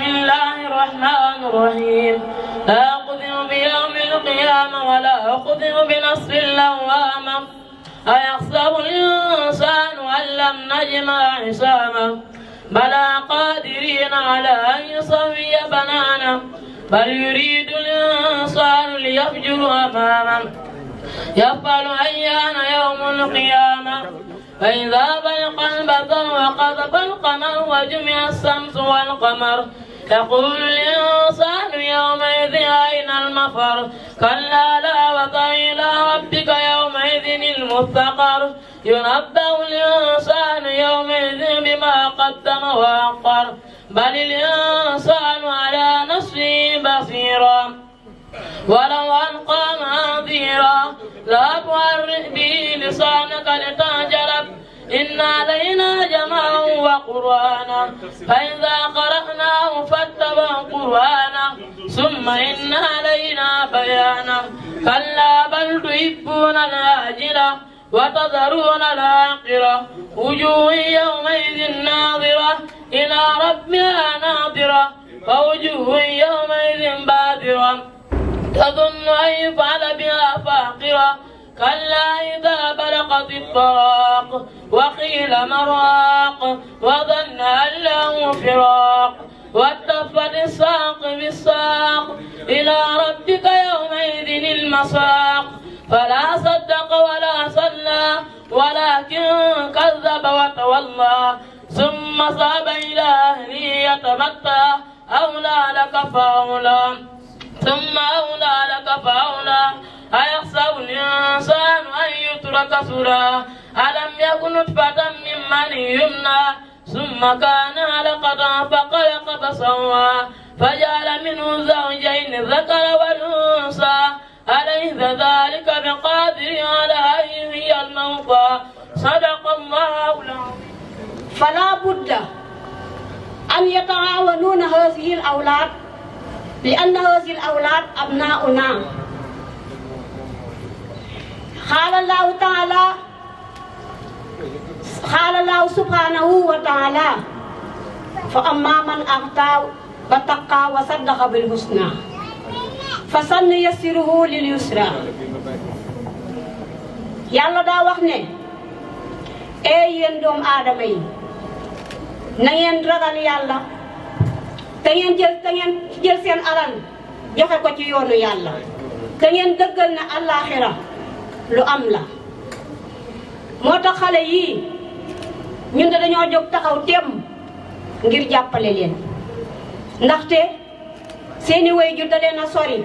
بسم الله الرحمن الرحيم لا أقدم بيوم القيامة ولا أقدم بنصر اللوامة أيحسب الإنسان أن لم نجمع عصامة بلى قادرين على أن يصفي بنانه بل يريد الإنسان ليفجر أمامه يفعل أيان يوم القيامة فإذا بلق البدر وقذف القمر وجمع الشمس والقمر يقول الإنسان يومئذ أين المفر كلا لا وطن إلى ربك يومئذ المستقر ينبأ الإنسان يومئذ بما قدم وأخر بل الإنسان على نفسه بصيرا ولو ألقى معذيرا لا تحرك به لسانك لتعجلب إن علينا جمعا وقرآنا فإذا قرأناه فاتبع قرآنا ثم إن علينا بيانا كلا بل تحبون العاجلة وتذرون الآخرة وجوه يومئذ ناظرة إلى ربها ناظرة ووجوه يومئذ بادرة تظن أن يفعل كلا إذا بلغت الطراق وقيل مراق وظن أن له فراق والتفت الساق بالساق إلى ربك يومئذ المساق فلا صدق ولا صلى ولكن كذب وتولى ثم صاب إلى أهله يتمتع أولى لك فأولى ثم أولى لك فأولى أيحسب الإنسان أن يترك سرا ألم يكن نطفة من مني يمنى ثم كان علقة فخلق فسوى فجعل منه زوجين الذكر والأنثى أليس ذلك بقادر على أن هي الموتى صدق الله العظيم فلا بد أن يتعاونون هذه الأولاد لأن هذه الأولاد أبناؤنا xaala laahu taala xaala laahu subhanahu wa taala fa amma man axtaa wa taqaa wa saddaqa bil husna fa sannu yassiruhu lil yusra yàlla daa wax ne ee yéen doomu aadama yi na ngeen ragal yàlla te ngeen jël te ngeen jël seen alal joxe ko ci yoonu yàlla te ngeen dëggal na àllaaxira lu am la moo tax xale yii ñun de dañoo jóg taxaw teem ngir jàppale leen ndaxte seeni wayjur da leen a sori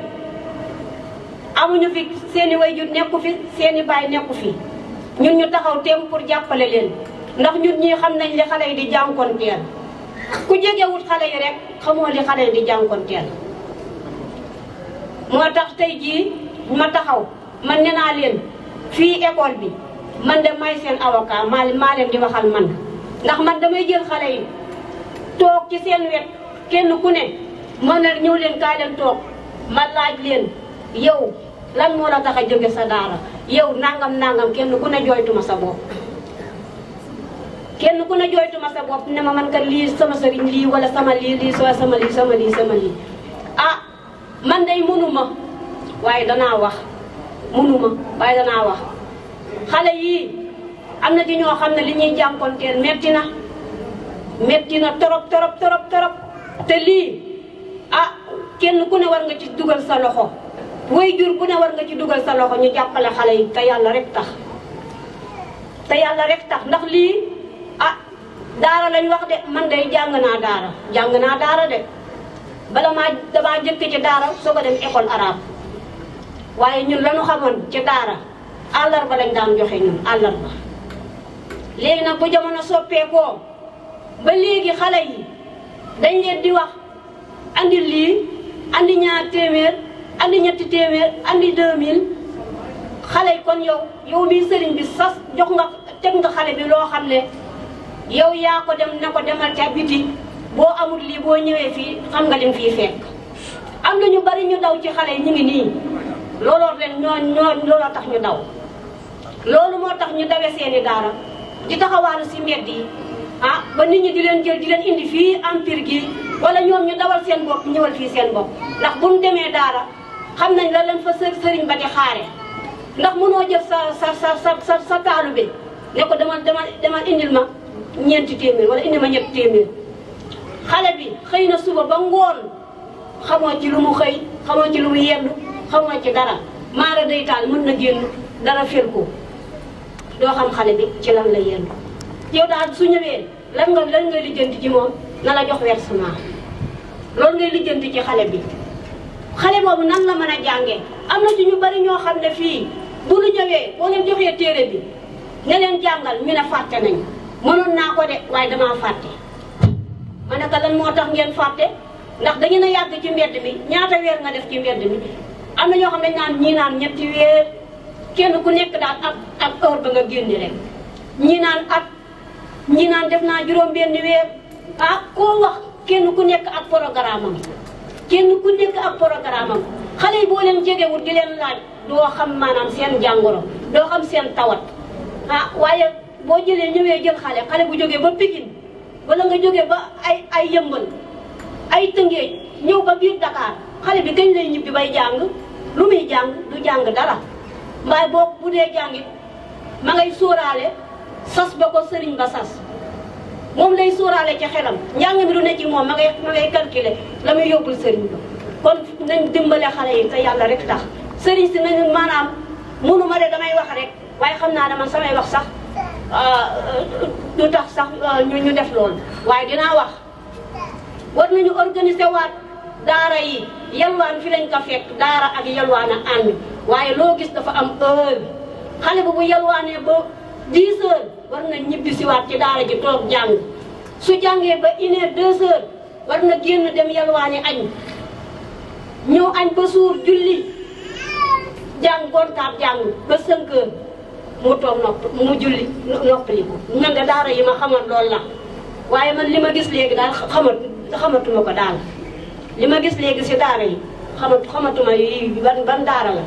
amuñu fi seeni ju nekku fi seeni baay nekku fi ñun ñu taxaw temm pour jàppale leen ndax ñun ñii xam nañ li xale yi di jànkoon jànkonteel ku jegewut xale yi rek xamoo li xale yi di jànkonteel moo tax tey jii ma taxaw man nee naa leen fii école bi man de may seen avocat maa maa leen di waxal man ndax man damay jël xale yi toog ci seen wet kenn ku ne mën na ñëw leen kaay leen toog ma laaj leen yow lan moo la tax a jóge sa daara yow nangam nangam kenn ku ne joytuma sa bopp. kenn ku ne jooytuma sa bopp ne ma man kat lii sama sëriñ lii wala sama lii lii sama lii sama lii sama lii ah man day mënuma waaye danaa wax. mënuma waaye danaa wax xale yii am na ci ñoo xam ne li ñuy jànkonteel metti na metti na torop torop torop torop te lii ah kenn ku ne war nga ci dugal sa loxo way jur ku ne war nga ci dugal sa loxo ñu jàppale xale yi te yàlla rek tax te yàlla rek tax ndax lii ah daara lañ wax de man day jàng naa daara jàng naa daara de bala maa damaa jëkk ci daara soo ko dem école arabe waaye ñun lañu xamoon ci daara àllarba lañ daan joxe ñun àllarba léegi nag bu jamono soppeekoo ba léegi xale yi dañ leen di wax andi lii andi ñaar téeméer andi ñetti téeméer andi deux xale yi kon yow yow mii sëriñ bi sas jox nga teg nga xale bi loo xam ne yow yaa ko dem ne ko demal ca biti boo amul lii boo ñëwee fii xam nga lim fii fekk am na ñu bari ñu daw ci xale yi ñu ngi nii lolo ren ñoo ñoo lolo tax ñu daw lolo mo tax ñu dawee seeni daara di taxawal ci mbedd ah ba nit ñi di leen jël di leen indi fi empire gi wala ñoom ñu dawal seen bokk ñewal fi seen bokk ndax buñu démé daara xam nañ la leen fa sëriñ ba di xaaré ndax mëno jëf sa sa sa sa sa taalu bi ne ko dama dama dama indil ma ñent téeméer wala indi ma ñet téeméer xalé bi xeyna suba ba ngoon xamoo ci lu mu xey xamoo ci lu mu yendu xaw ma ci dara maara day taal mën na génn dara fér ko doo xam xale bi ci lan la yendu yow daal su ñëwee lan nga lan nga lijjanti ci moom na la jox versement loolu ngay lijjanti ci xale bi xale boobu nan la mën a jàngee am na ci ñu bari ñoo xam ne fii bu lu ñëwee boo leen joxee téere bi ne leen jàngal ñu ne fàtte nañ mënoon naa ko de waaye damaa fàtte ma ne ko lan moo tax ngeen fàtte ndax dañu ne yàgg ci mbedd mi ñaata weer nga def ci mbedd mi am na ñoo xam ne naan ñii ñetti weer kenn ku nekk daal ak ak heure ba nga génn rek ñii naan at ñii naan def naa juróom benn weer ah koo wax kenn ku nekk ak programme am kenn ku nekk ak programme am xale boo leen jegewul di leen laaj doo xam maanaam seen jàngoro doo seen tawat ah jëlee ñëwee jël xale xale bu jógee ba Pikine wala nga jógee ba ay ay yëmbal ay tëngéej ñëw ba biir Dakar xale bi kañ lay ñibbi bay jàng lu muy jàng du jàng dara mbaay boo bu dee jàngit ma ngay sóoraale sas ba ko sëriñ ba sas moom lay suuraale ci xelam njàng mi du ne ci moom ma ngay ma ngay calculer la muy yóbbul sëriñ ba kon nañ dimbale xale yi te yàlla rek tax sëriñ si nañu maanaam mënuma de damay wax rek waaye xam naa ne man samay wax sax euh, du tax sax euh, ñu ñu def loolu waaye dinaa wax war nañu organiser waat daara yi yalwaan fi lañ ko fekk daara ak yalwaan a ànd waaye loo gis dafa am heure bi xale bu bu yalwaanee ba 10 war na ñibbi siwaat ci daara ji toog jàng su jàngee ba une heure deux heures war na génn dem yalwaani añ ñëw añ ba suur julli jàng gontaat jàng ba 5 heures mu toog nopp mu julli noppaliku na nga daara yi ma xamal loolu la waaye man li ma gis léegi daal xamatuma ko daal li ma gis léegi si daara yi xama xamatuma yi ban ban daara la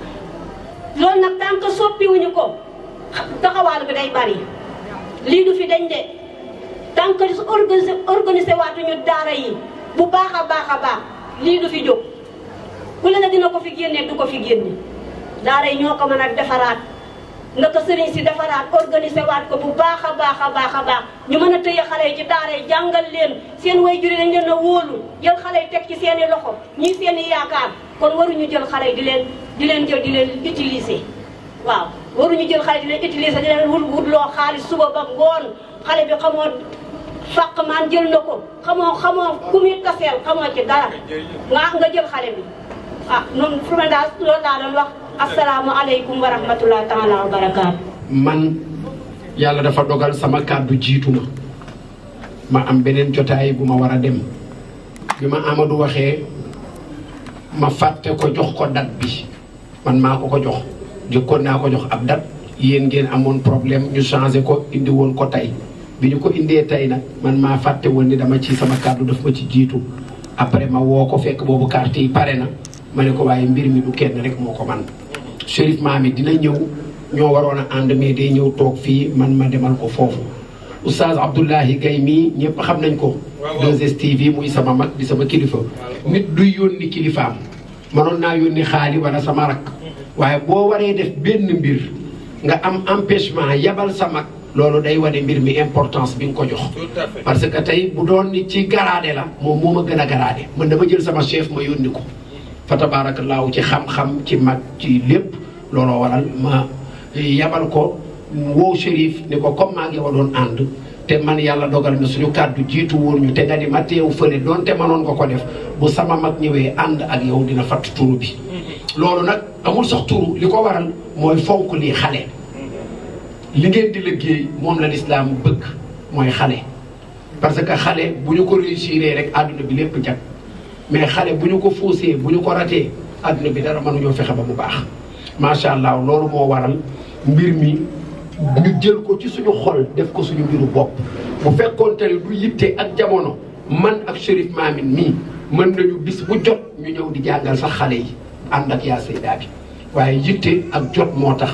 loolu nag tant que soppiwuñu ko taxawaal bi day bari lii du fi dañ de tant que organiser organiser waatuñu daara yi bu baax a baax a baax lii du fi jóg ku la dina ko fi génnee du ko fi génne daara yi ñoo ko mën a defaraat na ko sëriñ si defaraat organiser waat ko bu baax a baax a baax a ñu mën a tëye xale yi ji daara yi jàngal leen seen way juri dañ leen a wóolu jël xale yi teg ci seen i loxo ñii seen i yaakaar kon ñu jël xale yi di leen di leen jël di leen utiliser waaw waruñu jël xale di leen utiliser di leen wut wutloo xaalis suba ba ngoon xale bi xamoo fàq maan jël na ko xamoo xamoo ku muy taseel xamoo ci dara nga nga jël xale bi ah noonu fu ma loolu laa doon wax assalamu aleykum wa rahmatullah taala wa barakatu man y allah dafa dogal sama kaddu jiituma ma am benen jotaayi buma war a dem bi ma amadou waxee ma fàtte ko jox ko dat bi man maa ko ko jox jëkkoon naa ko jox ab dat yéen ngeen amoon problème ñu changé ko indi woon ko tey bi ñu ko indee tey nag man maa fàtte woon ni dama ci sama kaddu daf ma ci jiitu après ma woo ko fekk boobu carte yi pare na ma ne ko waaye mbir mi du kenn rek moo ko man Chérif Maami dina ñëw ñoo waroon a ànd mais day ñëw toog fii man ma demal ko foofu oustaz Abdoulahi Gaye mii ñëpp xam nañ ko 2STV muy sama mag di sama kilifa nit duy yónni kilifaam mënoon naa yónni xaali wala sama rakk waaye boo waree def benn mbir nga am empêchement yabal sa mag loolu day wane mbir mi importance bi nga ko jox parce que tey bu doon ni ci garaade la moom moo ma gën a garaade man dama jël sama chef ma yónni ko fa tabaarakallaahu ci xam-xam ci mag ci lépp looloo waral ma yabal ko woo Chérif ni ko comme maa wa doon ànd te man yàlla dogal na suñu kàddu jiitu woon ñu te nga di ma teew fële doonte mënoon nga ko def bu sama mag ñëwee ànd ak yow dina fatt turu bi mm-hmm. loolu nag amul sax turu li ko waral mooy fonk lii xale mm-hmm. li ngeen di liggéey moom la lislaam bëgg mooy xale parce que xale bu ñu ko réussir rek àdduna bi lépp jag mais xale bu ñu ko fuusee bu ñu ko ratee adduna bi dara mënuñoo fexe ba bu baax macha allah loolu moo waral mbir mi ñu jël ko ci suñu xol def ko suñu mbiru bopp. bu fekkoon ne du yitte ak jamono man ak Chérif Mamine mii mën nañu bis bu jot ñu ñëw di jàngal sax xale yi ànd ak yaa saydaa bi waaye yitte ak jot moo tax.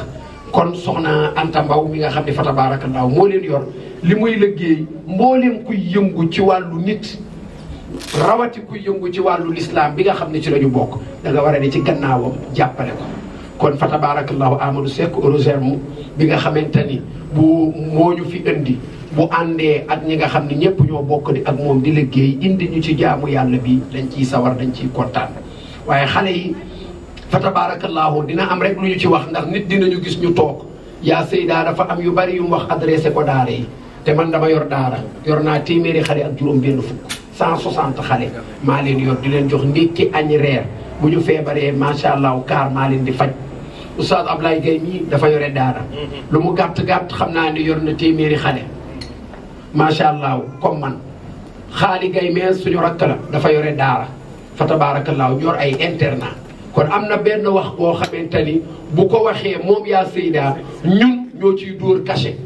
kon soxna Anta Mbaw mi nga xam ne fa ndaw moo leen yor li muy liggéey mboolem kuy yëngu ci wàllu nit. rawati ku yëngu ci wàllu lislaam bi nga xam ne ci lañu bokk da war a ne ci gannaawam jàppale ko kon fa tabarakallahu Amadou Seck Eurogerm bi nga xamante ni bu moo ñu fi indi bu àndee ak ñi nga xam ne ñëpp ñoo bokk di ak moom di liggéey indi ñu ci jaamu yàlla bi dañ ciy sawar dañ ciy kontaan waaye xale yi fa tabarakallahu dina am rek lu ñu ci wax ndax nit dinañu gis ñu toog yaa Seyda dafa am yu bari yu mu wax adressé ko daara yi te man dama yor daara yor naa téeméeri xale ak juróom benn 160 xale ma leen yor di leen jox ndékki añ reer bu ñu febaré ma sha allah kar ma leen di faj oustad Ablaye gay mi dafa yore daara lu mu gàtt gàtt xamna ni yor na téméri xale ma sha allah comme man xali gay me suñu rakk la dafa yore daara fa tabaarakallaa yor ay interna kon amna benn wax bo xamanteni bu ko waxé mom ya Seyda ñun ñoo ci dóor caché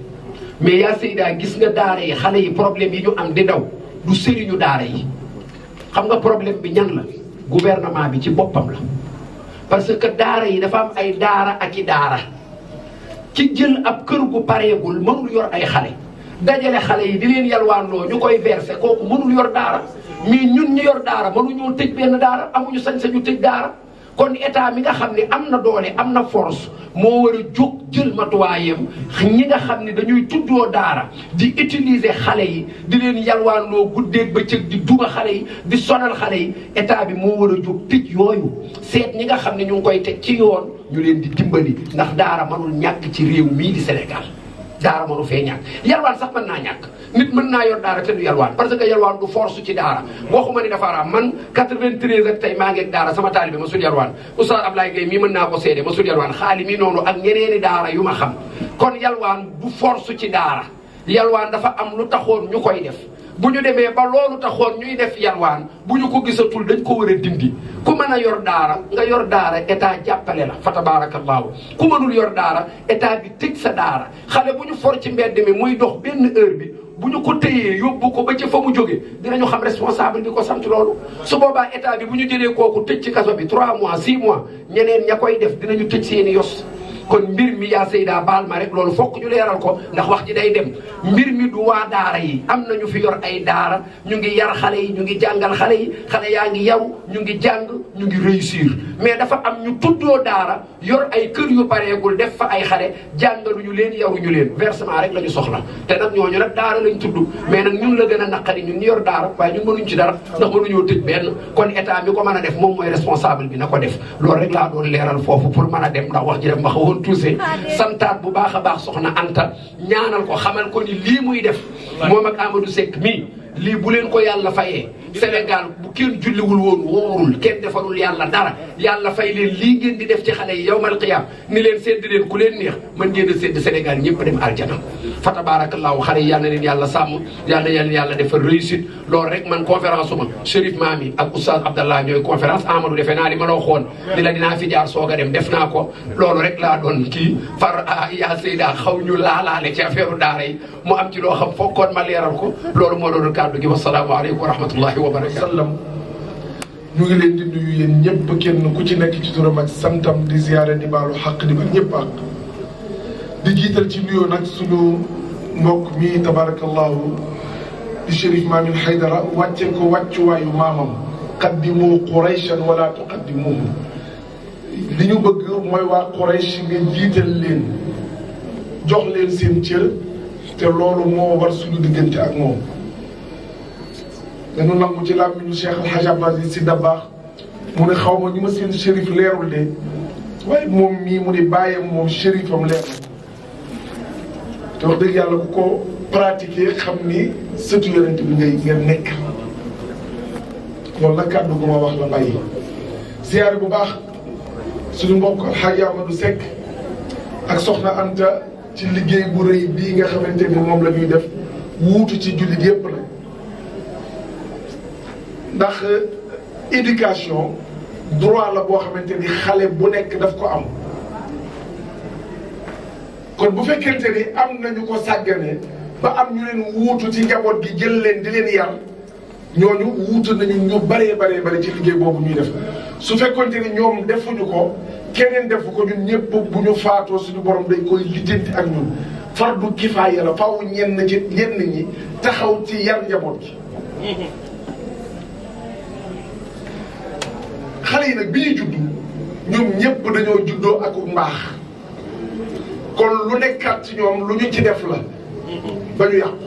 mais ya Seyda gis nga daara yi xale yi problème yi ñu am di daw. du sëriñu daara yi xam nga problème bi ñan la gouvernement bi ci boppam la parce que daara yi dafa am ay daara ak i daara ci jël ab kër gu pareegul mënul yor ay xale dajale xale yi di leen yalwaanloo ñu koy verse kooku mënul yor daara mais ñun ñu yor daara mënuñoo tëj benn daara amuñu sañ-sañu tëj daara kon état bi nga xam ne am na doole am na force moo war a jóg jël matuwaayam ñi nga xam ne dañuy tuddoo daara di utiliser xale yi di leen yalwaanloo ba bëccëg di duba xale yi di sonal xale yi état bi moo war a jóg tëj yooyu seet ñi nga xam ne ñu ngi koy teg ci yoon ñu leen di dimbali ndax daara mënul ñàkk ci réew mii di Sénégal daara mënu fee ñàkk yalwaan sax mën naa ñàkk nit mën naa yor daara te du yalwaan parce que yalwaan du force ci daara waxuma ni dafa araam man 93 ak tey maa ngi ak daara sama taalibe ma sul yalwaan oustaz Ablaye Gueye mii mën naa ko seede ma sul yalwaan xaali mi noonu ak ñeneeni daara yu ma xam kon yalwaan du force ci daara yalwaan dafa am lu taxoon ñu koy def bu ñu demee ba loolu taxoon ñuy def yalwaan bu ñu ko gisatul dañ ko war a dindi ku mën a yor daara nga yor daara état jàppale la fa tabaarakallaahu ku mënul yor daara état bi tëj sa daara xale bu ñu for ci mbedd mi muy dox benn heure bi bu ñu ko téyee yóbbu ko ba ci fa mu jóge dinañu xam responsable bi ko sant loolu su boobaa état bi bu ñu jëlee kooku tëj ci kaso bi trois mois 6 mois ñeneen ña koy def dinañu tëj seeni yos kon mbir mi yaa Seyda baal ma rek loolu fokk ñu leeral ko ndax wax ji day dem mbir mi du waa daara yi am na ñu fi yor ay daara ñu ngi yar xale yi ñu ngi jàngal xale yi xale yaa ngi yaru ñu ngi jàng ñu ngi mais dafa am ñu tuddoo daara yor ay yu pareegul def fa ay xale jàngaluñu leen yaruñu leen versement rek la ñu soxla te nag ñooñu nag daara lañ tudd mais nag ñun la a naqari ñun ñu yor daara waaye ñun mënuñ ci dara ndax mënuñoo tëj benn kon état mi ko mën a def moom mooy responsable bi na ko def loolu rek laa doon leeral foofu pour mën a dem ndax wax ji doon poussé santaat bu baax a baax soxna Anta ñaanal ko xamal ko ni lii muy def moom ak Amadou Seck mii lii leen ko yàlla fayee Sénégal bu kenn julliwul woon woorul kenn defalul yàlla dara yàlla fay leen lii ngeen di def ci xale yi yawmal qiyam ni leen sédd leen ku leen neex mën ngeen a sédd Sénégal ñëpp dem aljana fa tabaarakallaahu xale yi yal na leen yàlla sàmm yal na yàlla defal réussite loolu rek man conférence uma Chérif Mami ak Oustaz Abdallah ñooy conférence Amadou defe naa li ma la waxoon ni la dinaa fi jaar soog a dem def naa ko loolu rek laa doon kii far ya Seyda xaw ñu laalaale ci affaire daara yi mu am ci loo xam fokkoon ma leeral ko loolu moo doon kàddu gi wasalaamu alaykum wa rahmatullahi wa barakaatu ñu ngi di nuyu yéen ñëpp kenn ku ci nekk ci turam ak santam di ziare di baalu xaq di bal ñëpp ak di jiital ci nuyoo nag suñu mbokk mi tabarakallahu di Chérif Mamine Haydara wàcce ko wàccuwaayu maamam qaddimu qurayshan wala tuqaddimuhu li ñu bëgg mooy waa quraysh nga jiital leen jox leen seen cër te loolu moo war suñu diggante ak moom dañu nangu ci làmmiñu Cheikh Al Hadj Abdoulaye si Dabaax mu ne xaw ma ñu ma seen shérif leerul de waaye moom mii mu ne bàyyam moom shérifam leerul te wax dëgg yàlla ku ko pratiquer xam ni sëtu yonent bi nekk loolu nag kàddu gu ma wax la bàyyi. ziyaare bu baax suñu mbokk Alxaaji Amadou Seck ak Soxna Anta ci liggéey bu rëy bii nga xamante ni moom la ñuy def wuutu ci jullit yépp la. ndax euh, éducation droit la boo xamante ni xale bu nekk daf ko am kon bu fekkente ni am ñu ko sàggane ba am ñu leen wuutu ci njaboot gi jël leen di leen yar ñooñu wuutu nañu ñu bëree baree bëri ci liggéey boobu ñuy def su fekkonte ni ñoom defuñu ko keneen defu ko ñun ñëpp bu ñu faatoo suñu borom dañ koy lijjanti ak ñun fardu kifaaya la faaw ñenn ci ñenn ñi taxaw ci yar njaboot gi mm-hmm. xale yi nag bi ñu judd ñoom ñëpp dañoo juddoo ak mbaax kon lu nekkaat ci ñoom lu ñu ci def la ba ñu yàqu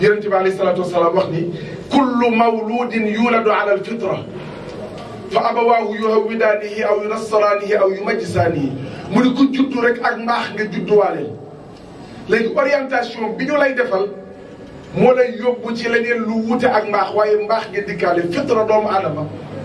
yonent bi alayhi salaatu wasalaam wax ni kullu mawludin yuladu ala alfitra fa abawaahu yuhawidaanihi aw yunassaraanihi aw yumajjisaanihi mu ni ku juddu rek ak mbaax nga judduwaaleel léegi orientation bi ñu lay defal moo lay yóbbu ci leneen lu wute ak mbaax waaye mbaax nga dikkaale fitra doomu aadama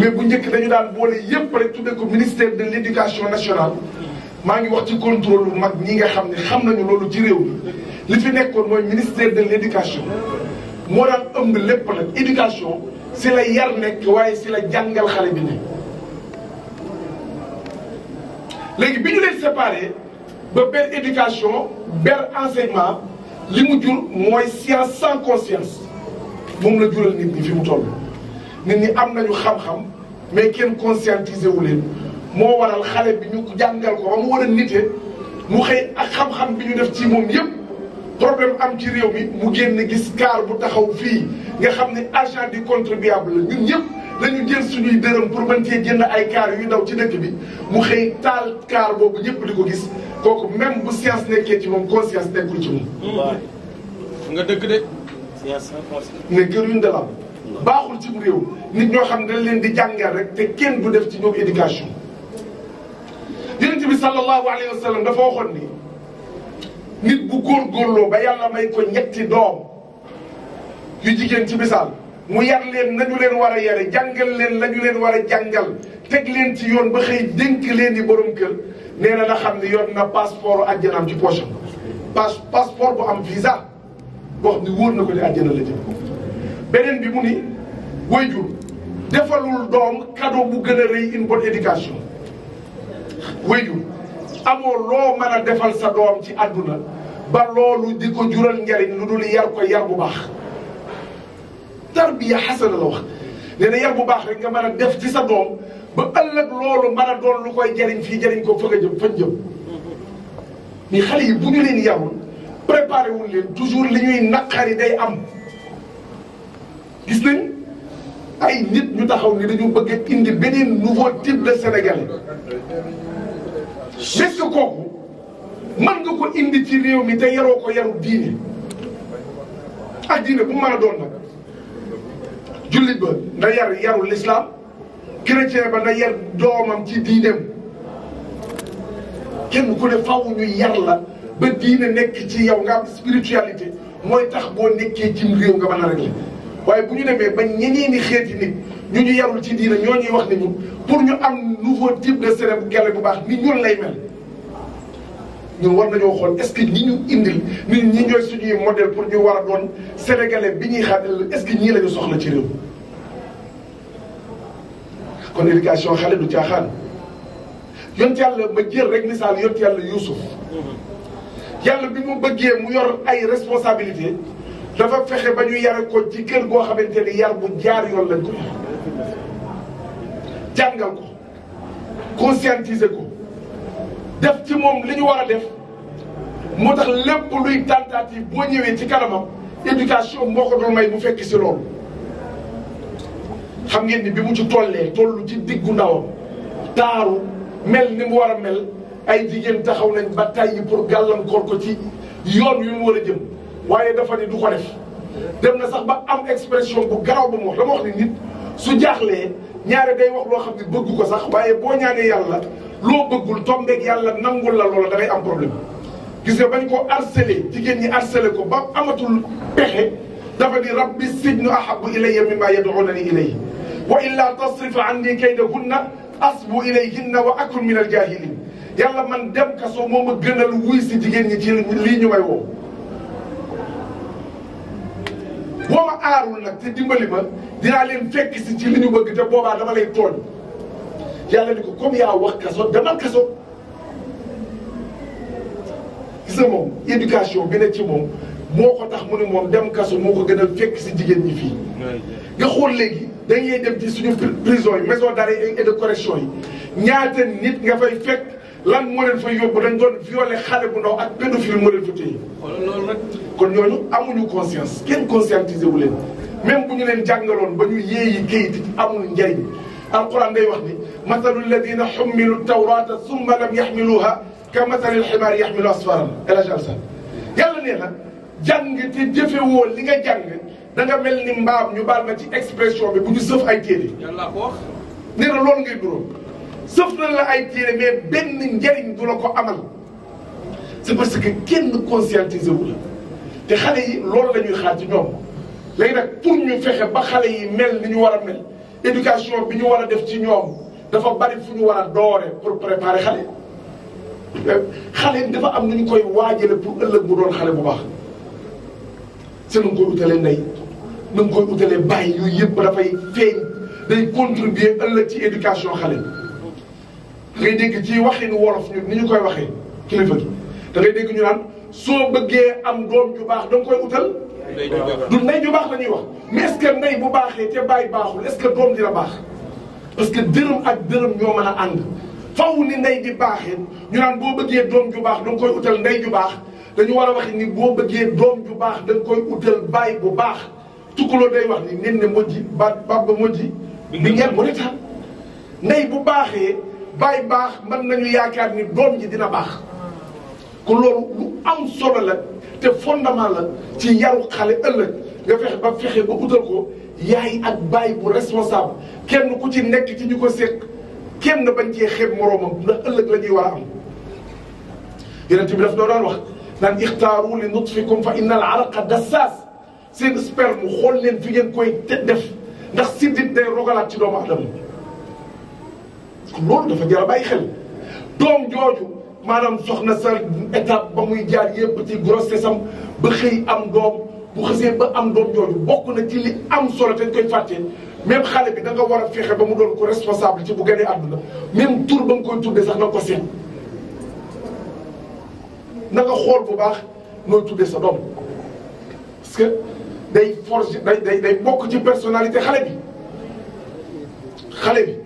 mais bu njëkk dañu daan boole yépp rek tuddee ko ministère de l' éducation nationale. maa ngi wax ci contrôle mag ñi nga xam ne xam nañu loolu ci réew li fi nekkoon mooy ministère de l' éducation moo daan ëmb lépp nag éducation si la yar nekk waaye si la jàngal xale bi nekk. léegi bi ñu leen séparé ba benn éducation benn enseignement li mu jur mooy science sans conscience moom la jural nit ñi fi mu toll. nit ñi am nañu xam-xam mais kenn conscientiser wu leen moo waral xale bi ñu jàngal ko ba war a nite mu xëy ak xam-xam bi ñu def ci moom yëpp problème am ci réew mi mu génn gis kaar bu taxaw fii nga xam ne argent du contribuable la ñun ñëpp dañu jël suñuy dërëm pour mën cee jënd ay kaar yu ndaw ci nekk bi mu xëy taal kaar boobu ñëpp di ko gis kooku même bu science nekkee ci moom conscience nekkul ci moom. nga dëkk de. science ne gëruñ de la baaxul ci réew nit ñoo xam ne dañ leen di jàngal rek te kenn bu def ci ñoom éducation yonent bi sallallahu alayhi wa sallam dafa waxoon ni nit bu góorgóorloo ba yàlla may ko ñetti doom yu jigéen ci misaal mu yar leen nañu leen war a yare jàngal leen la ñu leen war a jàngal teg leen ci yoon ba xëy dénk leen di borom kër nee na na xam ne yoon na passeport àjjanaam ci poche am passeport bu am visa boo xam ne wóor na ko ne àjjana la jëm beneen bi mu ni wayjur defalul doom cadeau bu gën a rëy une bonne éducation wayjur amoo loo mën a defal sa doom ci àdduna ba loolu di ko jural njariñ lu dul yar ko yar bu baax tarbiya xasana la wax nee yar bu baax rek nga mën a def ci sa doom ba ëllëg loolu mën a doon lu koy jariñ fii jariñ ko fa nga jëm fañ jëm ni xale yi bu ñu leen yarul préparé wul leen toujours li ñuy naqari day am gis nañ ay nit ñu taxaw ni dañu bëgg a indi beneen nouveau type de sénégalais est-ce que kooku mën nga ko indi ci réew mi te yaroo ko yaru diine ak ah, diine bu mën a doon nag jullit ba na yar yaru l'islam chrétien ba na yar doomam ci diineem kenn ne faaw ñu yar la ba diine nekk ci yow nga am spiritualité mooy tax boo nekkee cim réew nga mën a régler waaye bu ñu demee ba ñeneen i xeeti nit ñu ñu yarul ci diina ñoo ñuy wax ni ñu pour ñu am nouveau type de céréb gele bu baax ni ñun lay mel ñu war nañoo xool est-ce que ñi ñu indil nit ñi ñooy suñuy modèle pour ñu war a doon sénégalais bi ñuy xaatal est-ce que ñii la ñu soxla ci réew kon éducation xale du caaxaan yont yàlla ma jël rek misaal yont yàlla Yuusuf yàlla bi mu bëggee mu yor ay responsabilité dafa fexe ba ñu yare ko ci kër goo xamante ni yar bu jaar yoon lañ ko jàngal ko conscientiser ko def ci moom li ñu war a def moo tax lépp luy tentative boo ñëwee ci kanamam éducation moo ko dul may bu fekk si loolu xam ngeen ni bi mu ci tollee tollu ci diggu ndawam taaru mel ni mu war a mel ay jigéen taxaw nañ ba tàyyi pour gàllankoor ko ci yoon yu mu war a jëm waaye dafa ni du ko def dem na sax ba am expression bu garaw ba mu wax dama wax ni nit su jaaxlee ñaare day wax loo xam ne bëgg ko sax waaye boo ñaanee yàlla loo bëggul tombeeg yàlla nangul la loola da ngay am problème gis nga bañ ko harcelé jigéen ñi harcelé ko ba amatul pexe dafa ni rabbi sijnu ahabu ilayya mimma yad'unani ilayhi wa illa tasrif anni kaydahunna asbu ilayhinna wa akun min aljahilin yàlla man dem kaso moom a gënal wuy si jigéen ñi ci li ñu may woo boo ma aarul nag te dimbali ma dinaa leen fekk si ci li ñu bëgg te boobaa dama lay tooñ yàlla ni ko comme yaa wax kaso demal kaso gis nga moom éducation bi ne ci moom moo ko tax mu ne moom dem kaso moo ko gën a fekk si jigéen ñi fii nga xool léegi dañuy dem ci suñu prison yi maison d'arrêt et correction yi ñaata nit nga fay fekk lan moo leen fa yóbbu dañ doon violé xale bu ndaw ak pédophile moo leen fa téye loolu rek kon ñooñu amuñu conscience kenn conscientisé wu leen même bu ñu leen jàngaloon ba ñu yéeyi kayit amul njariñ alquran day wax ni mathalu alladina xummilu tawrata summa lam yaxmiluha ka mathali alximaar yaxmilu asfaran elage alsan yàlla nee na jàng te jëfewoo li nga jàng da nga mel ni mbaam ñu baal ma ci expression bi bu ñu sëf ay téere yàlla ko wax nee na loolu ngay duróom sëf la la ay téere mais benn njariñ du la ko amal c'est parce que kenn conscientisé wu la te xale yi loolu la ñuy xaar ci ñoom léegi nag pour ñu fexe ba xale yi mel ni ñu war a mel éducation bi ñu war a def ci ñoom dafa bari fu ñu war a doore pour préparer xale xale dafa am nu ñu koy waajale pour ëllëg mu doon xale bu baax c'est nu nga koy utalee ndey nu nga koy utalee bàyyi yooyu yëpp dafay feeñ day contribuer ëllëg ci éducation xale ngay dégg ci waxin wolof ñun ni ñu koy waxee kilifa gi da ngay dégg ñu naan soo bëggee am doom ju baax da nga koy utal. du ndey ju baax la ñuy wax. mais est ce que bu baaxee te bàyyi baaxul est ce que doom dina baax parce que dërëm ak dërëm ñoo mën a ànd. faw ni nay di baaxee ñu naan boo bëggee doom ju baax da nga koy utal ndey ju baax dañu war a wax ni boo bëggee doom ju baax da nga koy utal baay bu baax tukkuloo day wax ni nen ne mojji ba ba mojji. bi ngeen mu ne tax nay bu baaxee. baay baax mën nañu yaakaar ni doom ji dina baax ku loolu lu am solo la te fondement la ci yaru xale ëllëg nga fex ba fexe ba utal ko yaay ak bay bu responsable kenn ku ci nek ci ñuko sék kenn bañ cee xeeb moroomam ndax ëllëg la ñuy war a am yonent bi daf do daan wax nan ikhtaru li nutfikum fa innal al araqa dassaas seen sperme xol leen fi ngeen koy def ndax sidit day rogalat ci doomu adama loolu dafa jar a bàyyi xel doom jooju maanaam soxna sa étape ba muy jaar yëpp ci grossesse am ba xëy am doom bu xësee ba am doom jooju bokk na ci li am solo te ñu koy fàttee même xale bi da nga war a fexe ba mu doon ko responsable ci bu gënee àdduna même tur ba nga koy tuddee sax na ko seet na nga xool bu baax nooy tuddee sa doom parce que day forge day day day bokk ci personnalité xale bi xale bi.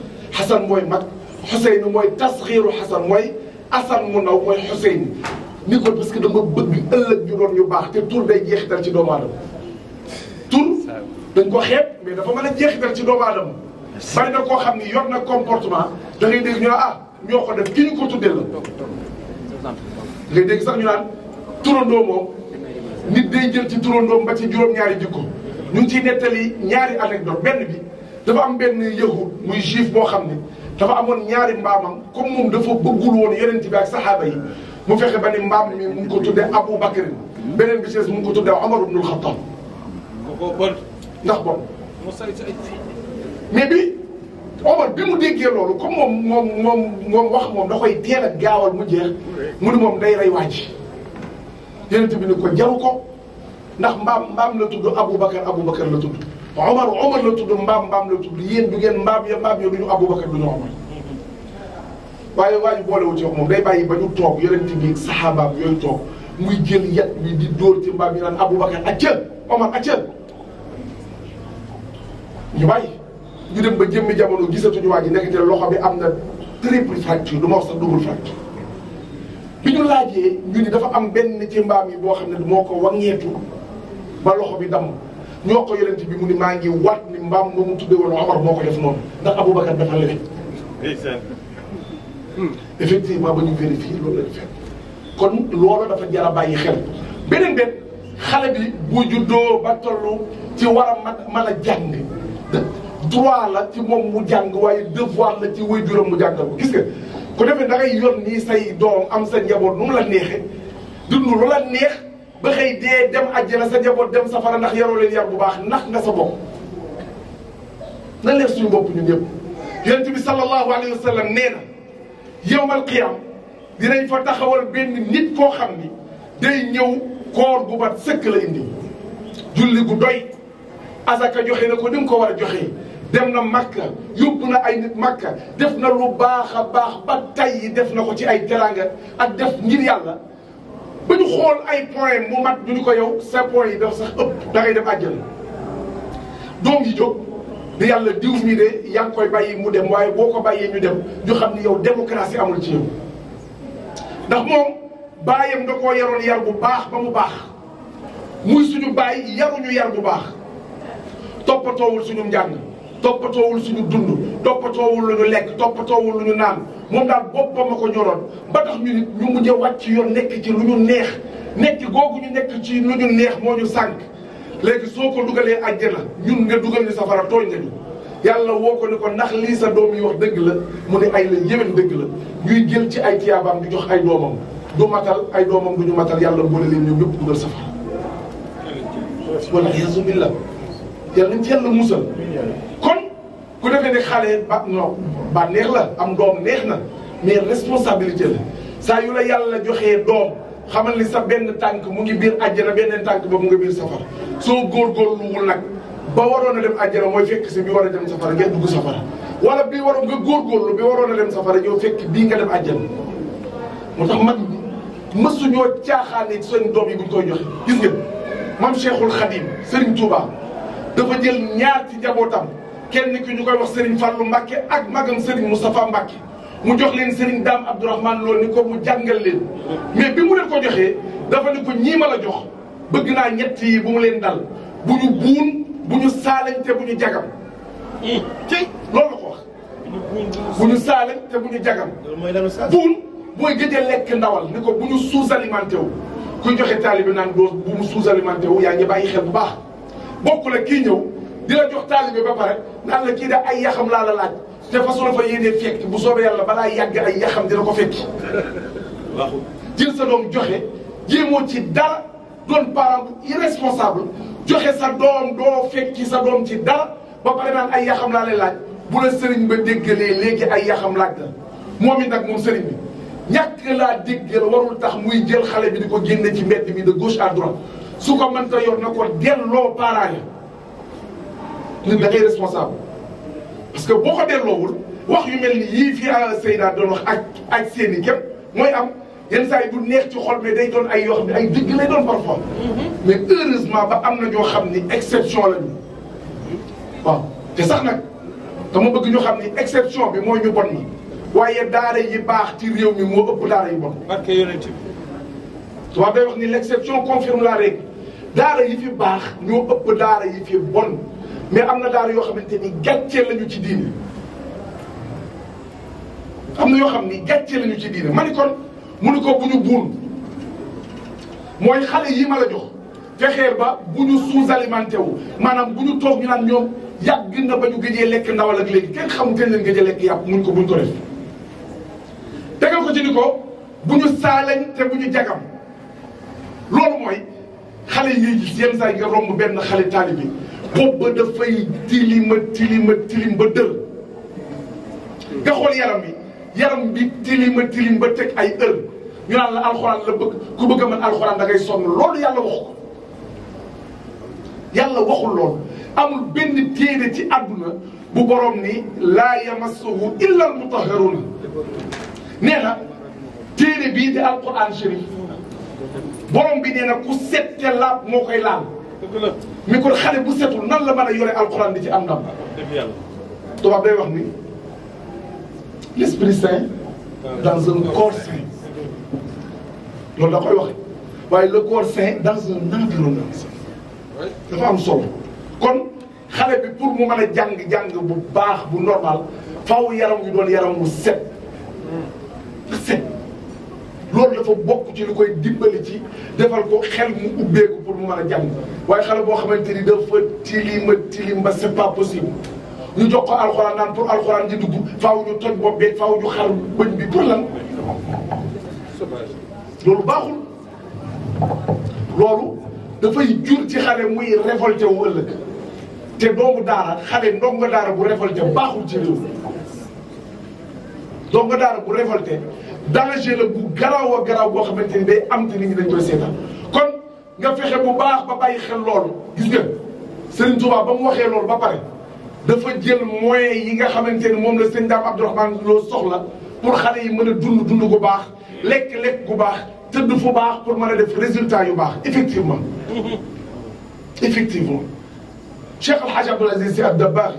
xasan mooy mag xuseynu mooy tasxiiru xasan mooy asan mu ndaw mooy xuseynu ni ko parce que dama bëgg ëllëg ñu doon ñu baax te tur day jeexital ci doomu aadama tur dañ ko xeeb mais dafa mën a jeexital ci doomu aadama bari na koo xam ni yor na comportement da ngay dégg ñu ne ah ñoo ko def ki ñu ko tuddee la ngay dégg sax ñu naan turandoo moom nit day jël ci turandoom ba ci juróom-ñaari jikko ñu ngi ciy nettali ñaari anecdote benn bi dafa am benn yahud muy juif boo xam ne dafa amoon ñaari mbaamam comme moom dafa bëggul woon yeneen bi ak saxaaba yi mu fexe ba ni mbaam mi mu ngi ko tuddee Abu Bakr beneen bi ci des mu ngi ko tuddee Omar ibnul Xattaab ndax bon mais bi Omar bi mu déggee loolu comme moom moom moom moom wax moom da koy teel a gaawal mu jeex mu ni moom day rey waa ji yeneen bi ni ko jaru ko ndax mbaam mbaam la tudd Abu Bakr Abu Bakr la tudd Omar Omar la tudd mbaam mbaam la tudd yéen du ngeen mbaam ya mbaam ya du ñu Aboubacar du ñu Omar waaye waa ñu boole wu ci wax moom day bàyyi ba ñu toog yonent bi saxaabaam yooyu toog muy jël yat bi di dóor ci mbaam yi naan Aboubacar accal Omar accal ñu bàyyi ñu dem ba jëmmi jamono gisatuñu waa ji nekkte loxo bi am na triple fracture du ma wax sax double fracture bi ñu laajee ñu ni dafa am benn ci mbaam yi boo xam ne moo ko wàññeetu ba loxo bi damm ñu wax ko yonent bi mu ni maa ngi wat ni mbaam moom mu tuddee woon Omar moo ko def noonu ndax Aboubacar dafa lele. effectivement ba ñu vérifier loolu la ñu fekk kon loolu dafa jar a bàyyi xel beneen benn xale bi bu juddoo ba toll ci war a mën a jàng la ci moom mu jàng waaye devoir la ci waajuram mu jàngal ko gis nga ku defee da ngay nii say doom am sa njaboot nu mu la neexee dund lu la neex. ba xëy dee dem àjjana sa njaboot dem safara ndax yaroo leen yar bu baax nax nga sa bopp na leer suñu bopp ñun ñëpp yonent bi sallallahu alayhi nee na yowmal qiyam dinañ fa taxawal benn nit koo xam ni day ñëw koor bu bat sëkk la indi julli gu doy asaka joxe na ko ni ko war a joxe dem na Makka yóbbu na ay nit Makka def na lu baax a baax ba tey def na ko ci ay teranga ak def ngir yàlla ba ñu xool ay point mu mat ñu ni ko yow ces points yi dafa sax ëpp da ngay dem àjjana doom yi jóg di yàlla diw mi de yaa koy bàyyi mu dem waaye boo ko bàyyee ñu dem ñu xam ni yow démocratie amul ci yow ndax moom baayam nga koo yaroon yar bu baax ba mu baax muy suñu baay yaruñu yar bu baax toppatoowul suñu njàng toppatoowul suñu dund toppatoowul lu ñu lekk toppatoowul lu ñu naan moom daal boppam a ko ñoroon ba tax ñu nit mujj a wàcc yoon nekk ci lu ñu neex nekk googu ñu nekk ci lu ñu neex moo ñu sànq léegi soo ko dugalee àjjana ñun nga dugal ni safara tooñ nga ñu yàlla woo ko ne ko ndax lii sa doom yi wax dëgg la mu ne ay la yéwén dëgg la ñuy jël ci ay tiyaabaam di jox ay doomam du matal ay doomam du ñu matal yàlla boole leen ñoom ñëpp dugal safara wala nañ ci yàlla ku defee ne xale ba non ba neex la am doom neex na mais responsabilité la saa yu la yàlla joxe doom xamal ni sa benn tànk mu ngi biir àjjana beneen tànk ba mu ngi biir safara soo góor góorgóorluwul nag ba waroon a dem àjjana mooy fekk si bi war a dem safara nga dugg safara wala bi waroon nga góorgóorlu bi waroon a dem safara ñëw fekk bii nga dem àjjana moo tax mag mësuñoo caaxaane seen doom yi bu ñu koy joxe gis nga mam Cheikhul Khadim Serigne Touba dafa jël ñaar ci njabootam kenn ki ñu koy wax Serigne Fallou Mbacke ak magam Serigne Moustapha Mbacke mu jox leen Serigne Dame Abdourahmane loolu ni ko mu jàngal leen mais bi mu leen ko joxee dafa ni ko ñii ma la jox bëgg naa ñett yi bu leen dal bu ñu buun bu ñu saalañ te bu ñu jagam ci bu ñu saalañ te bu ñu jagam buun mooy gëj lekk ndawal ni ko bu ñu sous alimenté wu kuy joxe taalibi naan doo bu mu sous alimenté wu yaa ngi bàyyi xel bu baax bokk la kii ñëw di jox talib ba pare nan la ki da ay yaxam la la laaj te fa la fa yene fek bu soobe yàlla bala yag ay yaxam dina ko fek waxu jël sa dom joxe jemo ci dal don parent bu irresponsable joxe sa dom do fek ci sa dom ci dal ba pare nan ay yaxam la la laaj bu la serigne ba déggalee legi ay yaxam laaj la moom it nag moom bi ñak la deggel warul tax muy jël xale bi diko genn ci mbedd mi de gauche à droite su ko ta yor nako delo parent nit da ngay responsable parce que boo ko delloowul wax yu mel ni yii fi Seyda doon wax ak ak seen i mooy am yenn saa bu neex ci xol mais day doon ay yoo xam ne ay dëgg lay doon parfois. Mm-hmm. mais heureusement ba am na ñoo xam ni exception la ñu. waaw te sax nag dama bëgg ñu xam ni exception bi mooy ñu bon ni waaye daara yi baax ci réew mi moo ëpp daara yi bon. barke yonent bi. tubaab day wax ni l' exception confirme la yi fi baax ñoo ëpp daara yi fi bon. mais am na daal yoo xamante ni gàcce lañu ci diine am na yoo xam ni gàcce lañu ci diine ma ni kon mu ni ko bu ñu buur mooy xale yi ma la jox fexee ba bu ñu sous-alimenté wu maanaam bu ñu toog ñu naan ñoom yàgg na ba ñu gëjee lekk ndawal ak léegi kenn xamul kañ leen gëjee lekk yàpp mun ko buñ ko def tegal ko ci ni ko bu ñu saalañ te bu ñu jagam loolu mooy xale yi gis yenn saa yi nga romb benn xale taalibi xob ba dafay tilima tilima tilim ba dër nga xool yaram bi yaram bi tilima tilim ba teg ay heure ñu naan la alxuraan la bëgg ku bëgg a mën alxuraan da ngay sonn loolu yàlla wax ko yàlla waxul loolu amul benn téere ci àdduna bu borom ni laa yamassuhu illa almutahharuna nee na téere bii di alquran chérif borom bi nee na ku sette laab moo koy laal mi kon xale bu setul nan la mën yoré alcorane di ci am ndam. tubaab day wax ni l'esprit saint dans un corps saint loolu da koy waxe waaye le corps saint dans un environnement sain dafa am solo kon xale bi pour mu mën jang jang bu baax bu normal faw yaram wi doon yaram bu set set loolu dafa bokk ci lu koy dimbali ci defal ko xel mu ubbeeku pour mu mën a jàng waaye xale boo xamante ni dafa tilima tilim ba c'est pas possible ñu jox ko alxuraan naan pour alxuraan di dugg faaw ñu toj bopp beeg faaw ñu xar bëñ bi pour lan loolu baaxul loolu dafay jur ci xale muy révolté wu ëllëg te doomu daara xale ndongo daara bu révolté baaxul ci réew ndongo daara bu révolté danger la bu garaaw a garaaw boo xamante ni day am te nit ñi dañ koy kon nga fexe bu baax ba bay xel loolu gis nga Serigne Touba ba mu waxee loolu ba pare dafa jël moyens yi nga xamante ni moom la sëñ Dame Abdourahmane loo soxla pour xale yi mën a dund dund gu baax lekk lek gu baax tëdd fu baax pour mën a def résultat yu baax effectivement. effectivement Cheikh Al Hadj Abdoul Aziz Sy Dabakh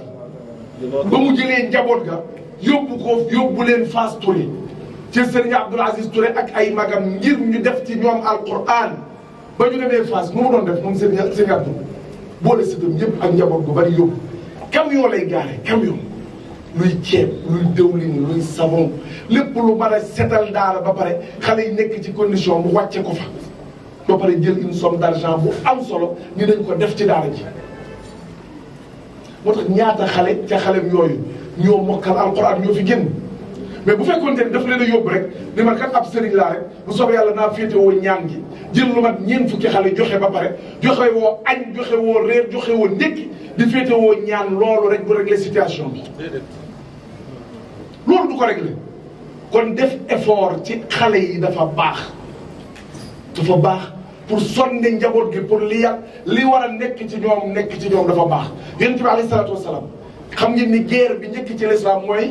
ba mu jëlee njaboot ga yóbbu ko yóbbu leen Fass Touré. ci sëriñ Abdoul Aziz ak ay magam ngir ñu def ci ñoom alquran ba ñu demee Fass nu mu doon def moom sëriñ sëriñ Abdoul boole si dem ak njaboot gu bari yóbbu camion lay gaare camion luy ceeb luy dëwlin luy savon lépp lu mën a setal daara ba pare xale yi nekk ci condition bu wàcce ko fa ba pare jël une somme d'argent bu am solo ñu dañ ko def ci daara ji moo tax ñaata xale ca xalem yooyu ñoo mokkal alquran ñoo fi génn mais bu fekkoon ne daf leen a yóbbu rek ni man kat ab sëriñ laa rek bu soobee yàlla naa féete woo ñaan gi jël lu mat ñeent fukki xale joxe ba pare joxe woo añ joxe woo reer joxe woo ndékki di féete woo ñaan loolu rek bu régler situation bi loolu du ko régler kon def effort ci xale yi dafa baax dafa baax pour sonne njaboot gi pour li yàq li war a nekk ci ñoom nekk ci ñoom dafa baax yonent bi alayhi salaatu wasalaam xam ngeen ni guerre bi njëkk ci lislaam mooy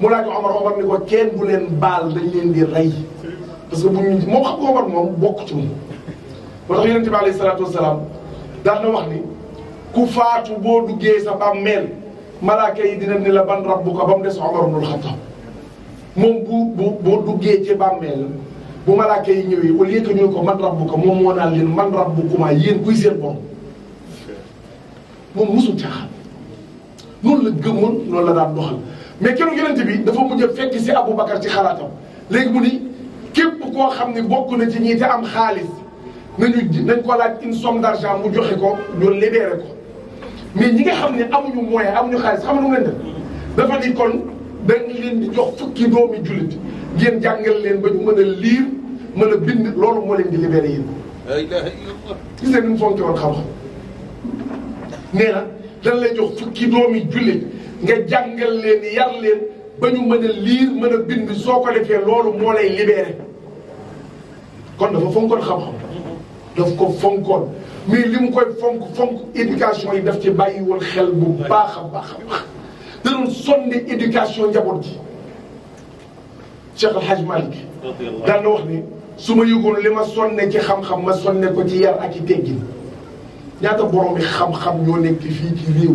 mu laaj Omar Omar ni ko kenn bu leen baal dañ leen di rey parce que bu ñu moom xam nga Omar moom bokk ci moom. moo tax yonente bi alayhi salaatu wasalaam daan na wax ni ku faatu boo duggee sa bàmmeel malaaka yi dina ni la ban rabbuka ba mu des Omar moom bu boo duggee ci bàmmeel bu malaaka yi ñëwee au lieu que ñu ko man rabbuka moom moo naan leen man rabbukuma yéen kuy seen borom moom mosul caaxaan noonu la gëmoon loolu la daan doxal. mais keroog yonent bi dafa mujj a fekk si Aboubacar ci xalaatam léegi mu ni képp koo xam ne bokk na ci ñi te am xaalis nañu nañ ko laaj une somme d'argent mu joxe ko ñu libéré ko mais ñi nga xam ne amuñu moyen amuñu xaalis xam nga lu leen def dafa di kon dañ leen di jox fukki doomi jullit ngeen jàngal leen ba ñu mën a liir mën a bind loolu moo leen di libéré yéen. gis nga ni mu fonke woon xam-xam nee na dañ jox fukki doomi jullit. nga jàngal ni yar leen ba ñu mën a liir mën a bind soo ko defee loolu moo lay libéré kon dafa fonkoon xam-xam daf ko fonkoon mi li mu koy fonk fonk éducation yi daf ci bàyyiwul xel bu baax a baax a baax da doon sonne éducation njaboot ji Cheikh Alhaj Malick daan na wax ni su ma yëgoon li ma sonne ci xam-xam ma sonne ko ci yar ak i teggin ñaata borom bi xam-xam ñoo nekk fii ci réew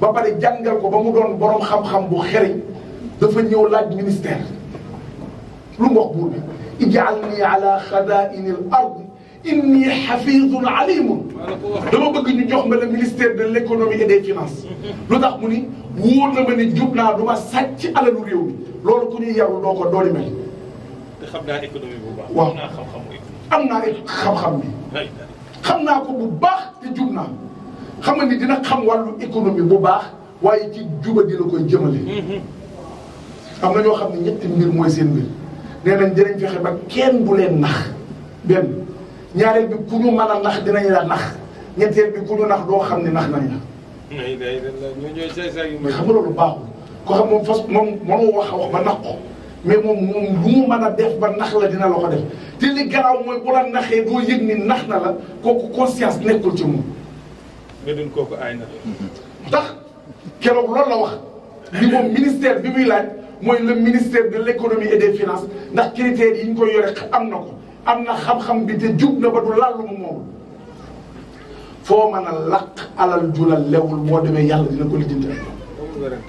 ba pare jàngal ko ba mu doon borom xam-xam bu xeriñ dafa ñëw laaj ministère lu mu wax buur bi ijalni ala xadaini l ard inni xafidun alimun dama bëgg ñu jox ma le ministère de l' économie et des finances lu tax mu ni wóor na ma ne jub naa du ma sàcc alalu réew mi loolu ku ñuy yarul doo ko dooli mel te xam naa économie bu baax waaw am naa xam-xam bi xam naa ko bu baax te jub naa xam nga ni dina xam wàllu économie bu baax waaye ci juba dina koy jëmale. am na ñoo xam ne ñetti mbir mooy seen mbir nee nañ dinañ fexe ba kenn bu leen nax benn ñaareel bi ku ñu mën a nax dinañ la nax ñetteel bi ku ñu nax doo xam ne nax nañ la. ay day day xam nga loolu baaxul ko xam moom fas moom mënoo wax a ba nax ko mais moom moom lu mu mën a def ba nax la dina la ko def te li garaaw mooy bu la naxee doo yëg ni nax na la kooku conscience nekkul ci moom. nga din kooku aay na keroog loolu wax li moom ministère bi muy laaj mooy le ministère de l' économie et des finances ndax critères yi ñu koy yore am na ko am na xam-xam bi te jub na ba du laal lu mu moom foo mën a laq alal ju lewul moo demee yàlla dina ko lijjanti ak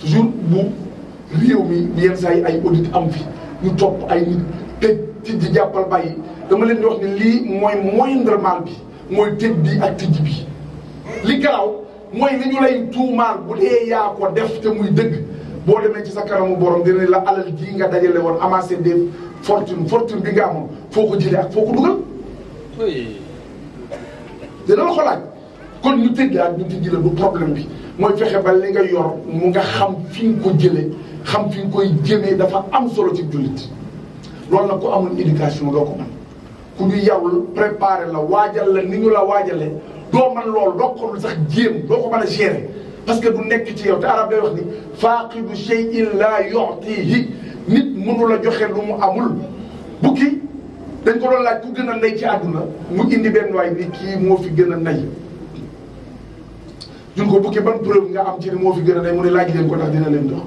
toujours bu réew mi ay audit am fi ñu topp ay nit tëj ci di jàppal bàyyi dama leen di wax ne lii mooy moindre mal bi mooy tëj bi ak tëj bi li garaaw mooy ni ñu lay tuumaal bu dee yaa ko def te muy dëgg boo demee ci sa karamu borom dina la alal ji nga dajale woon amassé des fortune fortune bi nga amoon foo ko jëlee ak foo ko dugal. dina la ko laaj kon ñu tëj la ak ñu tëj la du problème bi mooy fexe ba li nga yor mu nga xam fi nga ko jëlee xam fi nga koy jëmee dafa am solo ci jullit loolu nag ko amul éducation doo ko mën. ku ñu yow préparé la waajal la ni ñu la waajale doo man loolu doo sax jéem doo ko mën a gérer parce que du nekk ci yow te arab day wax ni faaqidu shay'in laa yu'tihi nit mënu la joxe lu mu amul bukki dañ ko doon laaj ku gën a nay ci àdduna mu indi benn waay bi kii moo fi gën a nay ñun ko bukki ban preuve nga am ci ni moo fi gën a nay mu ne laaj leen ko ndax dina leen jox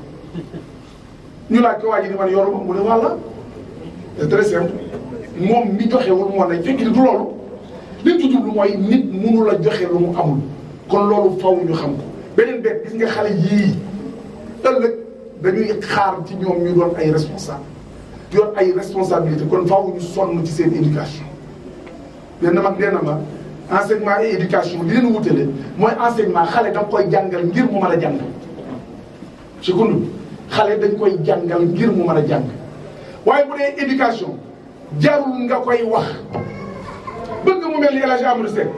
ñu laaj ko waa ji ni man yoruma mu ne wàlla c'est moom mi joxewul moo ne fekk du loolu li ci jublu mooy nit mënu a joxe lu mu amul kon loolu faw ñu xam ko beneen benn gis nga xale yii ëllëg dañuy xaar ci ñoom ñu doon ay responsable yor ay responsabilité kon faw ñu sonn ci seen éducation benn mag nee na ma enseignement et éducation li leen wutale mooy enseignement xale da koy jàngal ngir mu mën a jàng seconde xale dañ koy jàngal ngir mu man a jàng waaye bu dee éducation jarul nga koy wax bëgg mu mel ni El Hadj Amadou Seck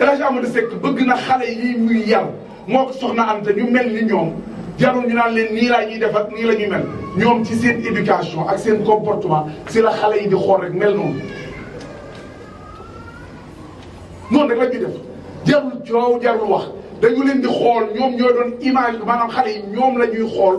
El Hadj Amadou Seck bëgg na xale yi muy yar moo ko soxna Anta ñu mel ni ñoom jarul ñu naan leen nii laa ñuy def ak nii la ñuy mel ñoom ci seen éducation ak seen comportement si la xale yi di xool rek mel noonu noonu rek la ñuy def jarul coow jarul wax dañu leen di xool ñoom ñoo doon image maanaam xale yi ñoom la ñuy xool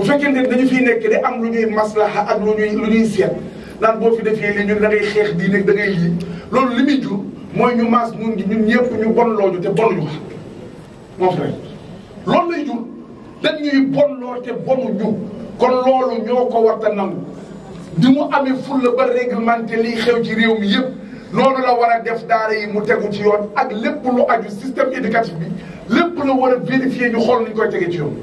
bu fekkente ne dañu fiy nekk di am lu ñuy maslaha ak lu ñuy lu ñuy seet naan boo fi defee li ñun da ngay xeex di nekk da ngay lii loolu li muy jur mooy ñu maas ñun ñun ñu bon ñu te bonuñu wax mon frère loolu lay jur ñu ñuy loo te bonuñu kon loolu ñoo ko war a nangu di mu amee fulla ba réglementé liy xew ci réew mi yëpp noonu la war a def daara yi mu tegu ci yoon ak lépp lu aju système éducatif bi lépp la war a vérifier ñu xool nuñ koy tege ci yoon.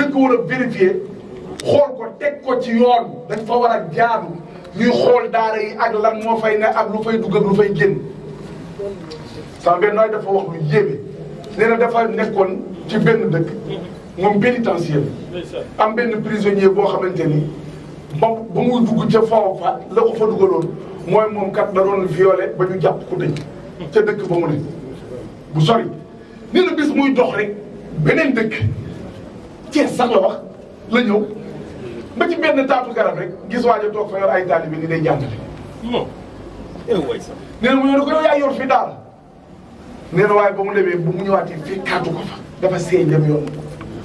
dañ ko war a vérifier xool ko teg ko ci yoon dañ fa war a jaadu ñuy xool daara yi ak lan moo fay ne ak lu fay dugg ak lu fay génn. sama benn nooy dafa wax lu yéeme nee dafa nekkoon ci benn dëkk moom pénitentiaire am benn prisonnier boo xamante ni ba ba muy dugg ca faw fa la ko fa dugaloon mooy moom kat da doon ba ñu jàpp ko tëj ca dëkk ba mu ne bu sori nee na bis muy dox rek beneen dëkk. Cees sax la wax la ñëw ba ci benn taatu garab rek gis waa ji toog fa yor ay taalibe ni day jàngale. non yow eh waay sax. nee na mu ñëw fi daal nee waaye ba mu demee bu mu ñëwaatee fii kaatu ko fa dafa seey dem yoon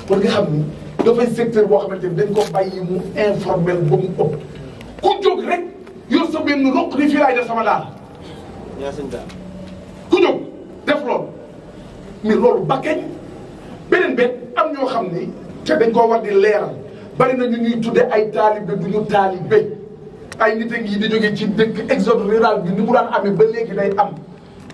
kon xam ni dafay secteur boo xamante ni dañ ko bàyyi mu ba mu ëpp ku jóg rek yor sa benn roq ni fii laay def loolu ba kañ beneen benn am ñoo xam ni. te dañ koo war di leeral bari na ñu ñuy tudde ay taalibe du ñu taalibe ay nit a ngi di jóge ci dëkk exode rural bi ni mu daan amee ba léegi day am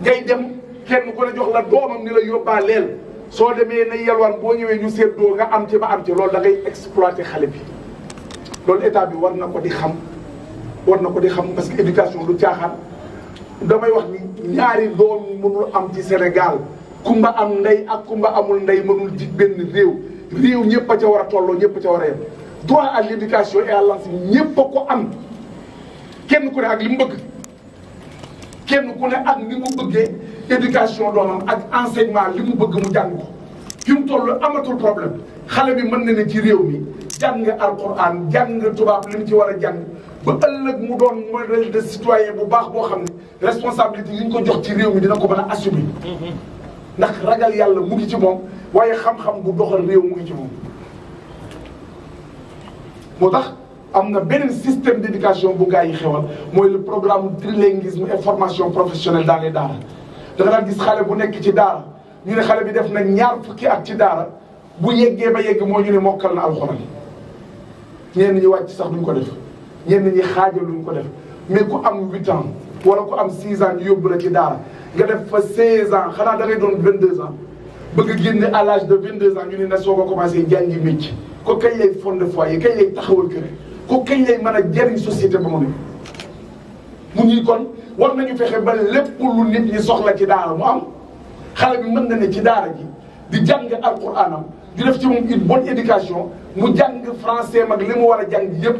ngay dem kenn ko la jox la doomam ni la yóbbaa leel soo demee na yelwaan boo ñëwee ñu seddoo nga am ci ma am ci loolu da ngay exploité xale bi loolu état bi war na ko di xam war na ko di xam parce que éducation lu caaxaan damay wax ni ñaari doom mënul am ci Sénégal kumba am ndey ak kumba amul ndey mënul ci benn réew réew ñëpp a ca war a tolloo ñëpp a ca war a yem droit à éducation et à l' enseignement ñëpp a ko am kenn ku ne ak li mu bëgg kenn ku ne ak li mu bëggee éducation doomam ak enseignement li mu bëgg mu jàng ko fi mu toll amatul problème xale bi mën na ne ci réew mi jàng alquran jàng tubaab li mu ci war a jàng ba ëllëg mu doon modèle de citoyen bu baax boo xam ne responsabilité yi ñu ko jox ci réew mi dina ko mën a assumer. Mm-hmm. ndax ragal yàlla mu ngi ci moom waaye xam-xam bu doxal réew mu ngi ci moom moo tax am nga beneen système d' éducation bu gaa yi xewal mooy le programme trilinguisme et formation professionnelle dans les daara da nga daan gis xale bu nekk ci daara ñu ne xale bi def na ñaar fukki at ci daara bu yeggee ba yegg moo ñu ne mokkal na alxuraan ñenn ñi wàcc sax duñ ko def ñenn ñi xaajal duñ ko def mais ku am huit wala ko am 6 ans yóbbu la ci daara nga def fa 16 xanaa da ngay doon 22 ans bëgg génne à l'âge de 22 ans ñu ne na soo ko commencé jàngi métier ko kañ lay fondé yi kañ lay taxawal kër ko kañ lay mën a jëriñ société ba mu ne mu kon war nañu fexe ba lépp lu nit ñi soxla ci daara mu am xale bi mën na ne ci daara ji di jàng alquranam di def ci moom une bonne éducation mu jàng français mag li mu war a jàng yëpp.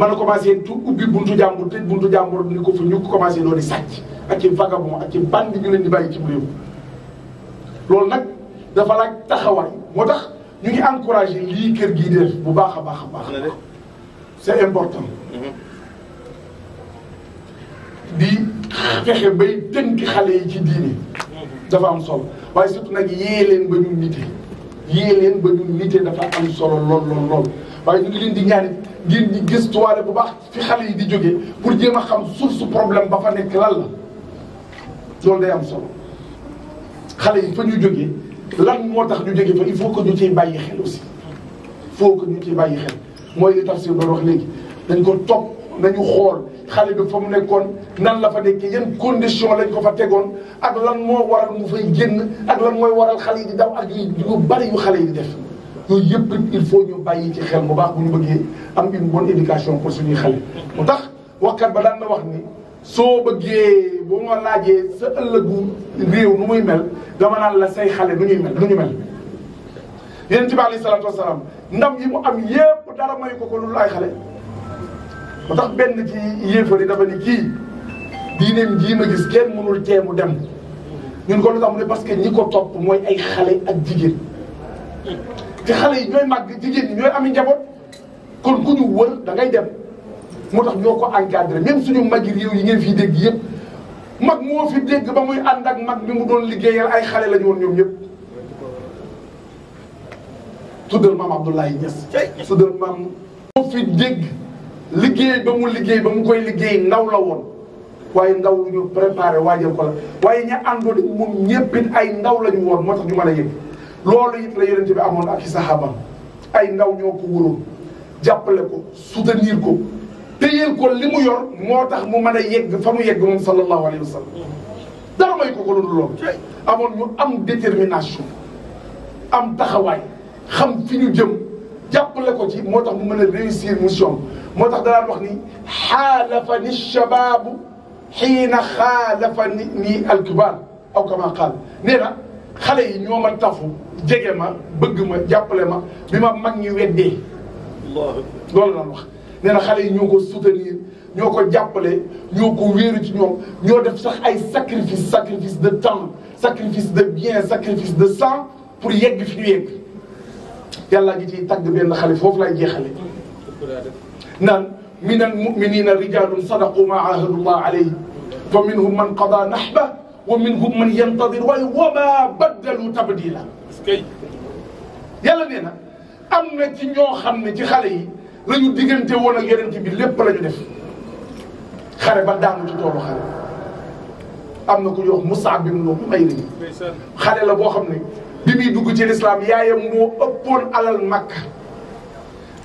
mën a commencé tu ubbi buntu jàmbur tëj buntu jàmbur ni ko fa ñu commencé doon di sàcc ak ci vagabond ak ci bandi ñu leen di bàyyi ci réew loolu nag dafa laaj taxawaay moo tax ñu ngi encouragé lii kër gi def bu baax a baax a baax c'est important di fexe bay tënk xale yi ci diine dafa am solo waaye surtout nag yee leen ba ñu nite yee leen ba ñu nite dafa am solo lool lool waaye ñu ngi leen di ñaanit ngir ñu gëstuwaale bu baax fi xale yi di jóge pour jéem a xam suuf su problème ba fa nekk lan la loolu am solo xale yi fa ñu jógee lan moo tax ñu jóge fa il faut que ñu ciy bàyyi xel aussi il faut que ñu bàyyi xel mooy li tafsir doon wax léegi dañ ko topp nañu xool xale bi fa mu nekkoon nan la fa nekkee yan condition lañ ko fa tegoon ak lan moo waral mu fay génn ak lan mooy waral xale yi di daw ak yu bari yu xale yi di def yooyu yëpp il faut ñu bàyyi ci xel bu baax bu ñu bëggee am une bonne éducation pour suñuy xale. mu tax waxkat ba daan na wax ni soo bëggee boo ma laajee sa ëllëgu réew nu muy mel dama naan la say xale nu ñuy mel nu ñu mel. yonent bi alayhi salaatu wasalaam ndam yi mu am yépp dara may ko ko lu ay xale mu tax benn ci yéefari dafa ni kii diineem jii ma gis kenn mënul tee mu dem ñun ko lu tax mu ne parce que ñi ko topp mooy ay xale ak jigéen. te xale yi ñooy màgg jigéen ñi ñooy ami njaboot kon ku ñu wër da dem moo tax ñoo ko encadré même suñu magi réew yi ngeen fii dégg yëpp mag moo fi dégg ba muy ànd ak mag bi mu doon liggéeyal ay xale la woon ñoom ñëpp. tuddal maam Abdoulaye Niass. tuddal maam moo fi dégg liggéey ba mu liggéey ba mu koy liggéey ndaw la woon waaye ndaw ñu préparé waajal ko la waaye ña àndoon moom ñëpp ay ndaw la ñu woon moo tax ñu man a yëg. loolu it la yonente bi amoon ak sahaba ay ndaw ñoo ko wóoroon jàppale ko soutenir ko teyel ko limu yor motax mu meuna yegg fa mu yegg mom sallallahu alayhi wasallam dara may ko ko loolu loolu amoon ñu am détermination am taxaway xam fi ñu jëm jàppale ko ci motax mu meuna réussir mission motax da la wax ni xaalafani shabab xiina xaalafani ni alkibar aw kama qaal nee na xale yi ñoo ma tafu jege ma bëgg ma jàppale ma bi ma mag ñi weddee loolu la wax nee na xale yi ñoo ko soutenir ñoo ko jàppale ñoo ko wéeru ci ñoom ñoo def sax ay sacrifice sacrifice de temps sacrifice de bien sacrifice de sang pour yegg fi yegg yàlla ngi ciy tagg benn xale foofu lay jeexale naan min al muminina rijalun sadaqu ma ahadullah alayhi fa minhum man qada nahba wa minhum man yantadir waaye wa maa baddalu tabdila yàlla nee na am na ci ñoo xam ne ci xale yi la ñu diggante woon ak yonent bi lépp la ñu def xare ba daanu ci toolu xare am na ku ñuy wax Mus'ab ibn Umayr xale la boo xam ne bi muy dugg ci lislaam yaayam moo ëppoon alal Makka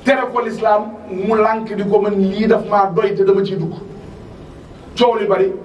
tere ko lislaam mu lànk di ko man lii daf maa doy te dama ciy dugg coow bari.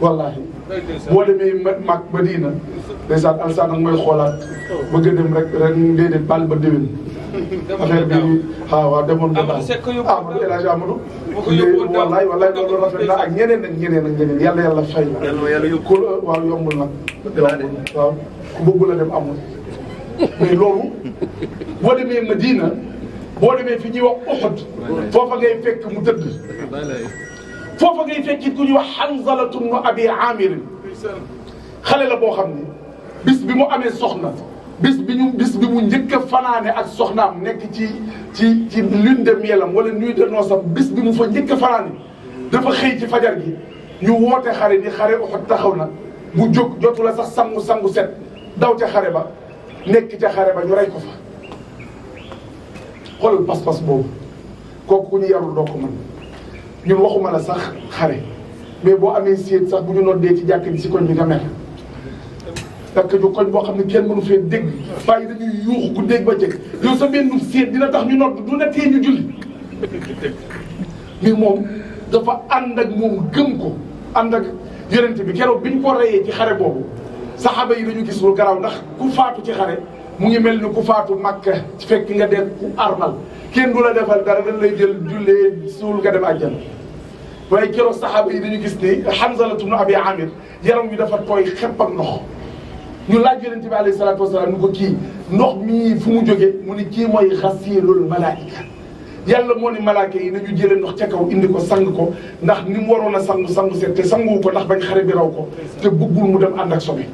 wallaahi boo demee mag ba diina ndeysaan alsaan nag mooy xoolaat bëgg a dem rek ren déedéet baal ba déwén affaire bi ah waaw demoon nga daal ah man El Hadj Amadou léegi wallaay wallaay loolu rafet na ak ñeneen ak ñeneen ak ñeneen yàlla yàlla fay la ku waaw yombul nag yombul waaw ku bëggul a dem amul mais loolu boo demee Madina boo demee fi ñuy wax Uhud foofa ngay fekk mu tëdd foofa ngay fekki ku ñuy wax Hanzalatu bnu Abi Amir xale la boo xam ne bis bi mu amee soxna bis bi ñu bis bi mu njëkk a fanaane ak soxnaam nekk ci ci ci lune de mielam wala nuit de noces am bis bi mu fa njëkk a fanaane dafa xëy ci fajar gi ñu woote xare ni xare Uhud taxaw na mu jóg jotu la sax sangu sangu set daw ca xare ba nekk ca xare ba ñu rey ko fa xoolal pas-pas boobu kooku ku ñu yarul doo ko mën ñun waxuma la sax xare mais boo amee séet sax bu ñu noddee ci jàkk bi si koñ bi nga mer parce que ñu koñ boo xam ne kenn mënu fee dégg bàyyi dañuy yuux ku dégg ba jëkk yow sa benn séet dina tax ñu nodd du na tee ñu julli mais moom dafa ànd ak moom gëm ko ànd ak yonent bi keroog bi ñu ko reyee ci xare boobu saxaaba yi dañu gis lu garaaw ndax ku faatu ci xare mu ngi mel ni ku faatu Makka fekk nga dem ku armal kenn du la defal dara dañ lay jël jullee suul nga dem àjjana waaye keroog saxaaba yi dañu gis ne Hanzalatu bnu Abi Amir yaram wi dafa tooy xepp ak ndox ñu laaj yonente bi alayhi salaatu wasalaam ñu ko kii ndox mii fu mu jógee mu ne kii mooy xasiilul malaayika yàlla moo ne malaaka yi nañu jëlee ndox ca kaw indi ko sang ko ndax ni mu waroon a sangu sangu set te sanguwu ko ndax bañ xare bi raw ko te bëggul mu dem ànd ak sobe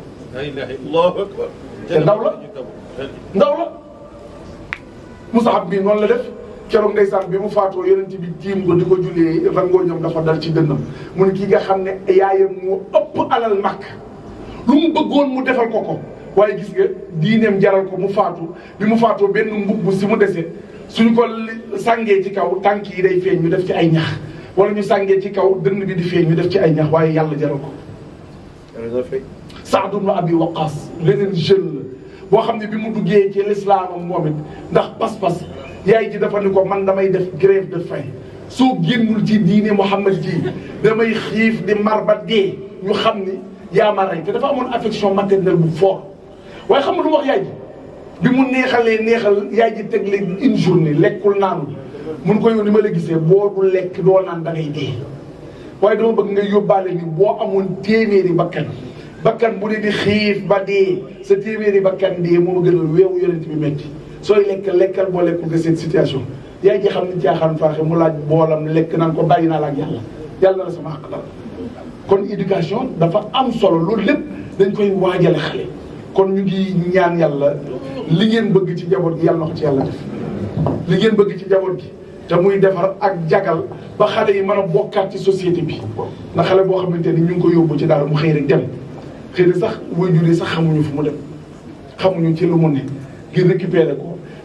te ndaw la ndaw la musaab bi noonu la def keroog ndeysaan bi mu faatoo yonent bi tiim ko di ko jullee rangoo ñoom dafa dal ci dënnam mu ne kii nga xam ne yaayam moo ëpp alal màkk lu mu bëggoon mu defal ko ko waaye gis nga diineem jaral ko mu faatu bi mu faatoo benn mbubb si mu dese suñu ko sàngee ci kaw tànk yi day feeñ ñu def ci ay ñax wala ñu sàngee ci kaw dënn bi di feeñ ñu def ci ay ñax waaye yàlla jaral ko Saad ibn Abi Waqaas leneen jeune la boo xam ne bi mu duggee ci lislaamam moom it yaay ji dafa ni ko man damay def grève de faim soo génnul ci diine Muhammad ji damay xiif di mar ba dee ñu xam ni yaa ma rey te dafa amoon affection maternelle bu fort waaye xam nga lu wax yaay ji bi mu neexalee neexal yaay ji teg leen une journée lekkul naanul mun ko yoon ni ma la gisee boo du lekk doo naan da ngay dee waaye dama bëgg nga yóbbaale ni boo amoon téeméeri bakkan bakkan bu dee di xiif ba dee sa téeméeri bakkan dee moo ma gënal weewu yonent bi metti sooy lekk lekkal boo lekkul nga seen situation yaay ji xam ne jaaxaan faaxe mu laaj boolam lekk naan ko bàyyi naa la ak yàlla yàlla la sama àq dal kon éducation dafa am solo loolu lépp dañ koy waajale xale kon ñu ngi ñaan yàlla li ngeen bëgg ci njaboot gi yàlla na ci yàlla li ngeen bëgg ci njaboot gi te muy defar ak jagal ba xale yi mën a bokkaat ci société bi ndax xale boo xamante ni ñu ngi ko yóbbu ci daal mu xëy rek dem xëy na sax waajur sax xamuñu fu mu dem xamuñu ci lu mu ne ngir ko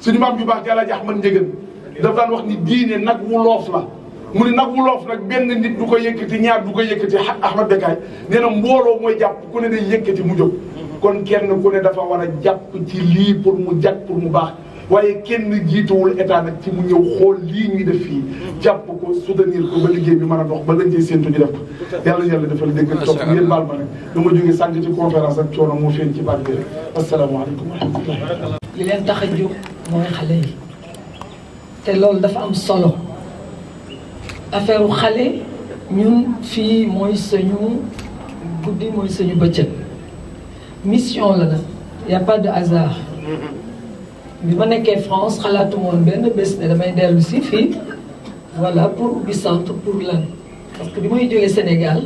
suñu maam ju baax jàlla ji Ahmad Njëgën daf daan wax ni diine nag wu loof la mu ne nag wu loof nag benn nit du ko yëkkati ñaar du ko yëkkati Ahmad Bekaay nee na mbooloo mooy jàpp ku ne day yëkkati mu jóg kon kenn ku ne dafa war a jàpp ci lii pour mu jag pour mu baax waaye kenn jiituwul état nag ci mu ñëw xool lii ñuy def fii jàpp ko soutenir ko ba liggéey bi man a dox ba lañ cee séntu ñu def ko yàlla yàlla defal dégg topp ngeen baal ma nag lu ma jógee sànq ci conférence ak coono moo feeñ ci baat bi rek asalaamaaleykum wa rahmatulah li tax mooy xale té te dafa am solo affaire u ñun fi moy suñu guddi moy suñu bëccëg mission la nag y a pas de hasard bi ma nekkee France xalaatu woon benn bés ne damay dellu si fii voilà pour ubbi centre pour lan parce que bi may jógee Sénégal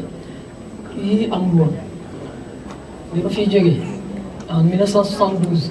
yii am woon bi ma fiy jógee en 1972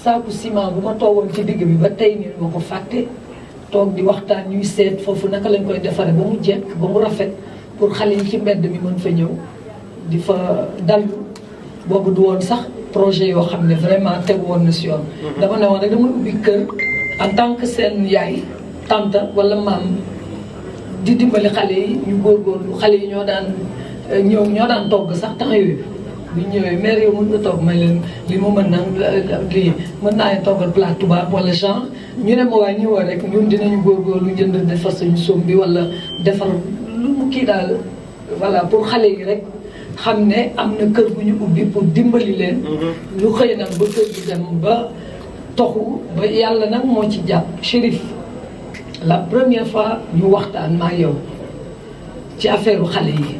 saaku sima bu ma togon ci digg bi ba tay ni mako fatte tok di waxtaan ñuy seet fofu naka lañ koy defaree ba mu jekk ba mu rafet pour xalé yi ci mbedd mi mën fa ñew di fa dal bobu du won sax projet yo xam vraiment tegu won na si yoon. Mhm. dama ne won rek dama ubi kër en tant que sen yaay tante wala mam di dimbali xalé yi ñu gor gor xalé yi ñoo daan ñëw ñoo daan togg sax taxay bi ñëwee maire yow mën nga toog may leen li ma mën nag lii mën naa leen toggal plat tubaab wala genre ñu ne ma waa ñu war rek ñun dinañu góorgóorlu jënd defar suñu soom bi wala defar lu mu kii daal voilà pour xale yi rek xam ne am na kër bu ñu ubbi pour dimbali leen. lu xëy nag ba kër gi dem ba toxu ba yàlla nag moo ci jàpp Chérif la première fois ñu waxtaan maa yow ci affaire xale yi.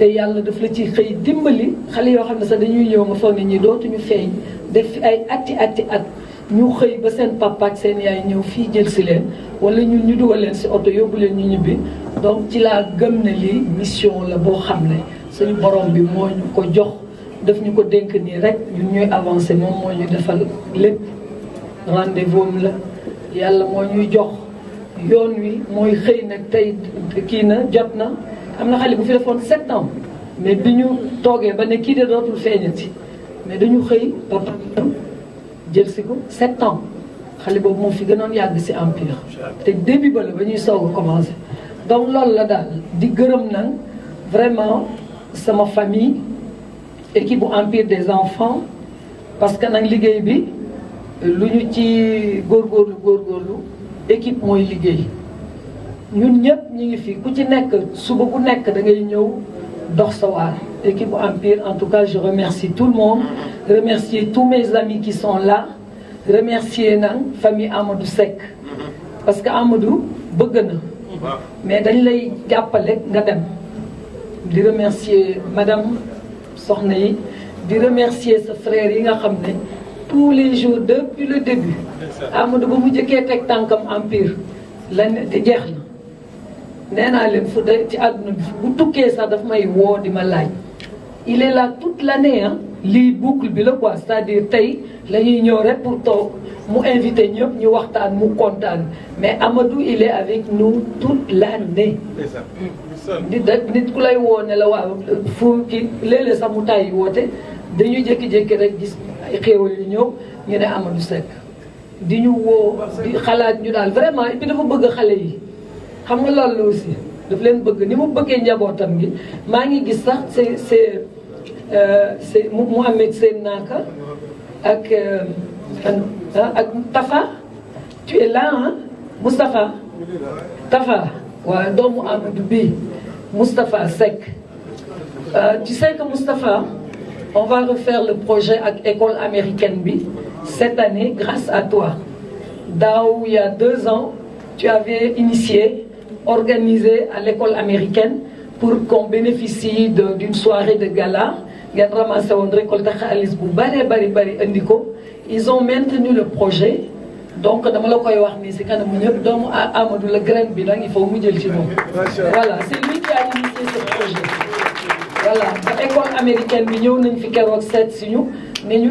te yàlla daf la ci xëy dimbali xale yoo xam ne sax dañuy ñëw ma foog ne ñi dootuñu feeñ def ay atti atti at ñu xëy ba seen papa ak seen yaay ñëw fii jël si leen wala ñun ñu dugal leen si oto yóbbu leen ñu ñibbi donc ci laa gëm ne lii mission la boo xam ne suñu borom bi moo ñu ko jox daf ñu ko dénk nii rek ñun ñuy avancé moom moo ñu defal lépp rendez-vous la yàlla moo ñuy jox yoon wi mooy xëy nag tey kii na jot na am na xale bu fi sept ans mais bi ñu toogee ba ne kii de dootul mais dañu xëy Papa. jël si sept ans fi empire te début ba la ba ñuy commencé donc loolu la daal di gërëm vraiment sama famille équipe bu empire des enfants parce que nag liggéey bi lu ñu ci góorgóorlu équipe nous sommes ñu ngi fi ku ci nekk suba da ngay dox sa Empire en tout cas je remercie tout le monde remercier tous mes amis qui sont là remercier na famille Amadou parce que Amadou mais dañ lay nga dem di remercier madame soxna yi remercier ce frère yi nga tous les jours depuis le début Amadou mu Empire lan te nee naa leen fu ci àdduna bi bu tukkee sax daf may woo di ma laaj il est là toute l'année ah lii boucle bi la quoi c'est-à-dire tey la ñuy ñëw rek pour toog mu invité ñëpp ñu waxtaan mu kontaan mais Amadou il est avec nous toute l'année mm. nit rek nit ku lay woo ne la waaw fu kii léeg-léeg sax mu tàyyi woote dañuy jékki-jékki rek gis ay xéewal yu ñëw ñu ne Amadou Seck di ñu woo di xalaat ñu daal vraiment et puis dafa bëgg xale yi xam nga loolu aussi daf leen bëgg ni mu bëggee njabootam gi maa ngi gis sax c'est c'est euh, c'est Mouhamed Seen Naka ak euh, ah, ak Tafa tu es là ah Moustapha Tafa wa doomu Amadou bi Moustapha euh, tu sais que Moustapha on va refaire le projet avec école américaine bi cette année grâce à toi daaw il y a deux ans tu avais initié organisé à l'école américaine pour qu'on bénéficie d'une soirée de gala. Ils ont maintenu le projet. Donc, il faut Voilà, c'est lui qui a initié ce projet. Voilà, l'école américaine,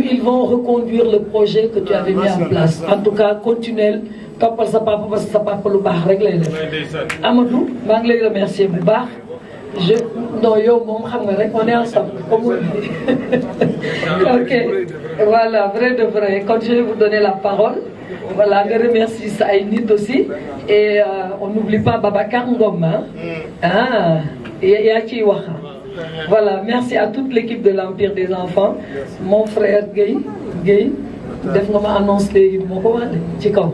ils vont reconduire le projet que tu avais mis en place. En tout cas, continuel Top, sa papa parce que sa papa lu baax rek lay def Amadou maa ngi remercier bu baax je non yow moom xam nga rek on est ensemble comme ok voilà vrai de vrai quand je vais vous donner la parole voilà nga remercie sa ay nit aussi et euh, on n'oublie pas Babacar Ngom hein. mm. ah yaa ciy wax voilà merci à toute l'équipe de l'Empire des enfants mon frère Gaye, Guèye def nga ma annonce léegi ma ci kaw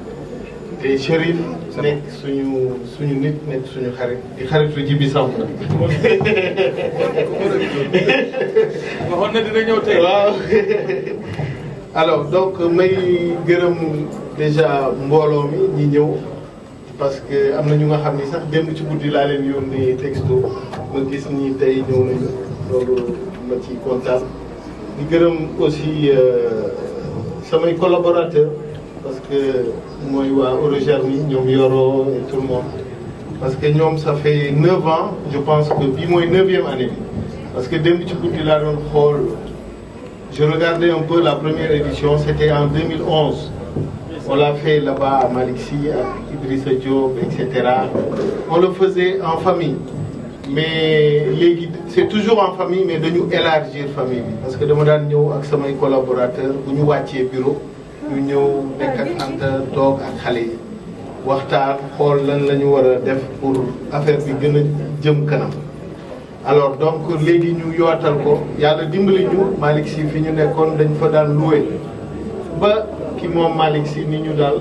te Chérif nekk suñu suñu nit nekk suñu xarit di xaritu Djibi Samb nag. waxoon na dina ñëw tey. waaw alors donc may gërëm déjà mbooloo mi ñi ñëw parce que am na ñu nga xam ni sax démb ci guddi laa leen yónnee texto ma gis ni tey ñëw nañu loolu ma ci kontaan di gërëm aussi euh, samay collaborateurs. parce que moi, Yoro et tout le monde parce que nous, ça fait neuf ans je pense que bii 9e année parce que depuis ci nous avons je regardais un peu la première édition c'était en 2011 on l'a fait là-bas à Malixi, à Idrissa Diop on le faisait en famille mais c'est toujours en famille mais de nous élargir famille parce que dama nous nous ak collaborateurs nous avons bureau ñu ñëw nekk ak ah, Anta toog ak xale yi waxtaan xool lan la war a def pour affaire bi gën a jëm kanam alors donc léegi ñu yootal ko yàlla dimbali ñu Malick Sy fi ñu nekkoon dañ fa daan loué ba ki moom Malick Sy ni ñu daal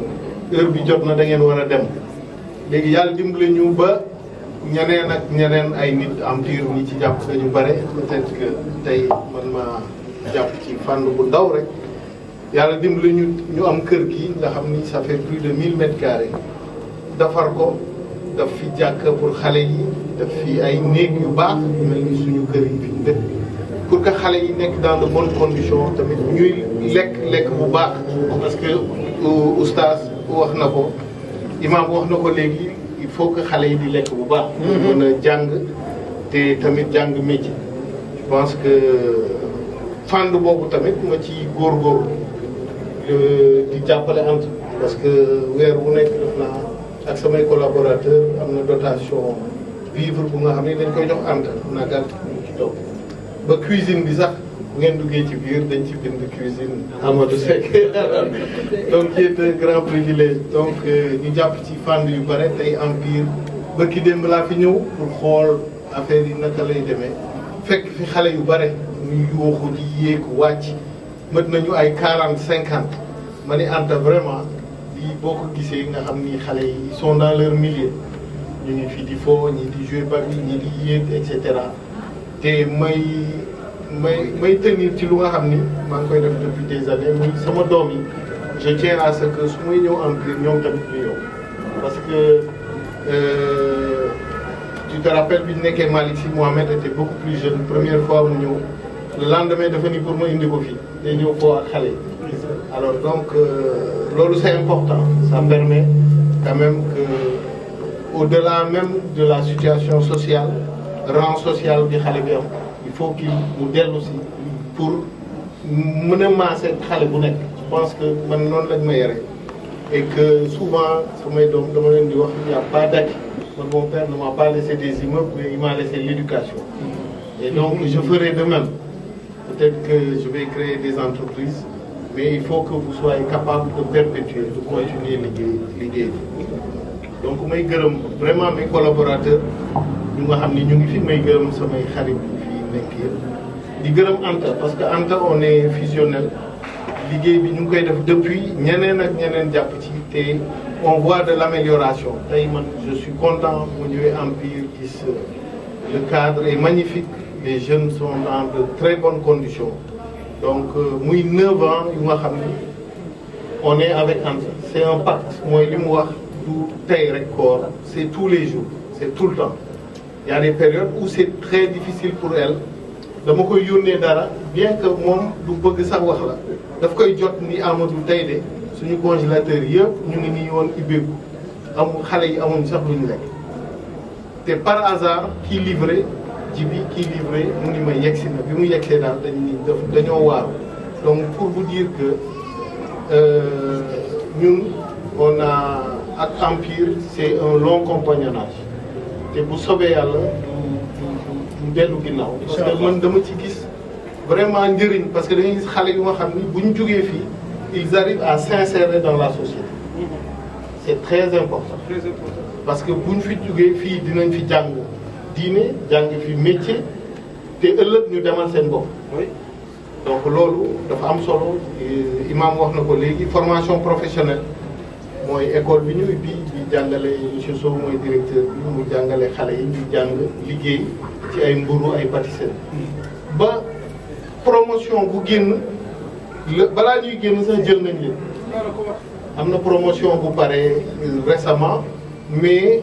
heure bi jot na da ngeen war a dem léegi yàlla dimbali ñu ba ñeneen ak ñeneen ay nit am tiir ñi ci jàpp dañu bare peut-être tey man ma jàpp ci fànn bu ndaw rek yàlla dimbali ñu ñu am kër gi nga xam ni ça fait plus de 1000 mètres defar ko daf fi jàkka pour xale yi daf fi ay néeg yu baax yu mel ni suñu kër yi fi ñu dëkk pour que xale yi nekk dans le bonnes condition tamit ñuy lekk lekk bu baax. parce que euh, oustaz wax na ko imaam wax na ko léegi il faut que xale yi di lekk bu baax. pour mhm. mën a jàng te tamit jàng métier. je pense que fànn boobu tamit ma ci góorgóorlu. di jàppale am parce que weer wu nekk def naa ak samay collaborateur am na dotation vivre bu nga xam ne dañ koy jox ant naa gàll ci ba cuisine bi sax bu ngeen duggee ci biir dañ ci bind cuisine Amadou donc c'est grand privilège donc euh, ñu jàpp ci fànn yu bare tey am biir ba ki démb laa fi ñëw pour xool affaire yi naka lay demee fekk fi xale yu bare ñu yuuxu di yéeg wàcc mët nañu ay 40 50 ma ni Anta vraiment di boko ko nga xamni xalé xale yi sont dans leur milieu ñu ngi fi di fo ñi di jouer bari ñi di yéeg et cetera té may may may tenir ci lu nga xamni ma maa ngi koy def depuis des années moy sama doom je tiens à ce que su may ñëw en biir ñoom tamit ñu yow parce que euh, tu te rappelles bi ñu nekkee Mohamed était beaucoup plus jeune première fois mu ñeu le lendemain est devenu pour moi une ko alors donc euh, c'est important ça permet quand même que au-delà même de la situation sociale rang social des xale il faut qu'il modèle aussi pour mener ma cette à je pense que man le lañ et que souvent il n'y a pas d'acquis mon père ne m'a pas laissé des immeubles mais il m'a laissé l'éducation et donc je ferai de même Peut-être que je vais créer des entreprises, mais il faut que vous soyez capable de perpétuer, de continuer l'idée. donc may gërëm vraiment mes collaborateurs ñu nga xam ni ñu ngi fi may gërëm samay xarit fi nekk di gërëm Anta parce que Anta on est fusionnel liggéey bi ñu koy def depuis ñeneen ak ñeneen jàpp ci te on voit de l'amélioration amélioration man je suis content mu ñëwee Empire gis euh, le cadre est magnifique les jeunes sont dans de très bonnes conditions. Donc, euh, moi, 9 ans on est avec ANSA. c'est un pacte Moi, li mu wax du c'est tous les jours c'est tout le temps il y a des périodes où c'est très difficile pour elle dama koy yónnee dara bien que ne du bëgg sax wax la daf koy jot ni Amadou tey de suñu congélateur yëpp ñu ngi nii woon ibbeeku amul xale yi amuñ sax luñ lekk par hasard kii livrait ji bi kii livré mu ni ma yegsi na bi mu yegsee daal dañuy dañoo donc pour vous dire que euh, ñun on a ak Empire c'est un long compagnonnage Et bu sobee yàlla du du du dellu ginnaaw parce que man dama ci gis vraiment njëriñ parce que dañuy gis xale yu xamni buñu ni fi ils arrivent à s'insérer dans la société mm-hmm. c'est très important Très important. parce que buñu fi jógee fi dinañ fi jàng diine jàng fi métier te ëllëg ñu demal seen bopp donc loolu dafa am solo imam wax na ko léegi formation professionnelle mooy école bi ñuy bi di jàngale monsieur Sow mooy directeur bi mu jàngale xale yi ñu jàng liggéey ci ay mburu ay pâtisserie ba promotion bu génn la balaa ñuy génn sax jël nañ leen am na promotion bu paree euh, récemment mais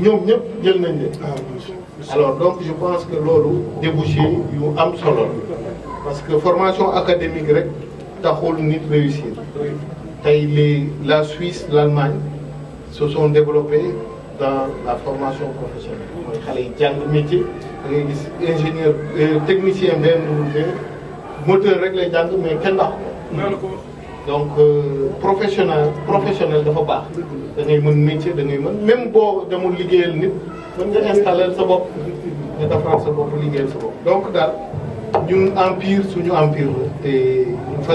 ñoom ñëpp jël nañ leen ah, alors donc je pense que lolu débouché yu am solo parce que formation académique rek taxul nit réussir les la Suisse l'Allemagne se sont développés dans la formation professionnelle Les xale yi métier les ingénieurs, gis ingénieur euh, technicien BMW moteur rek lay mais donc euh, professionnel professionnel dafa baax ngay mën métier da ngay mën même boo demul un nit mën installer sa donc nous ñun empire suñu empire te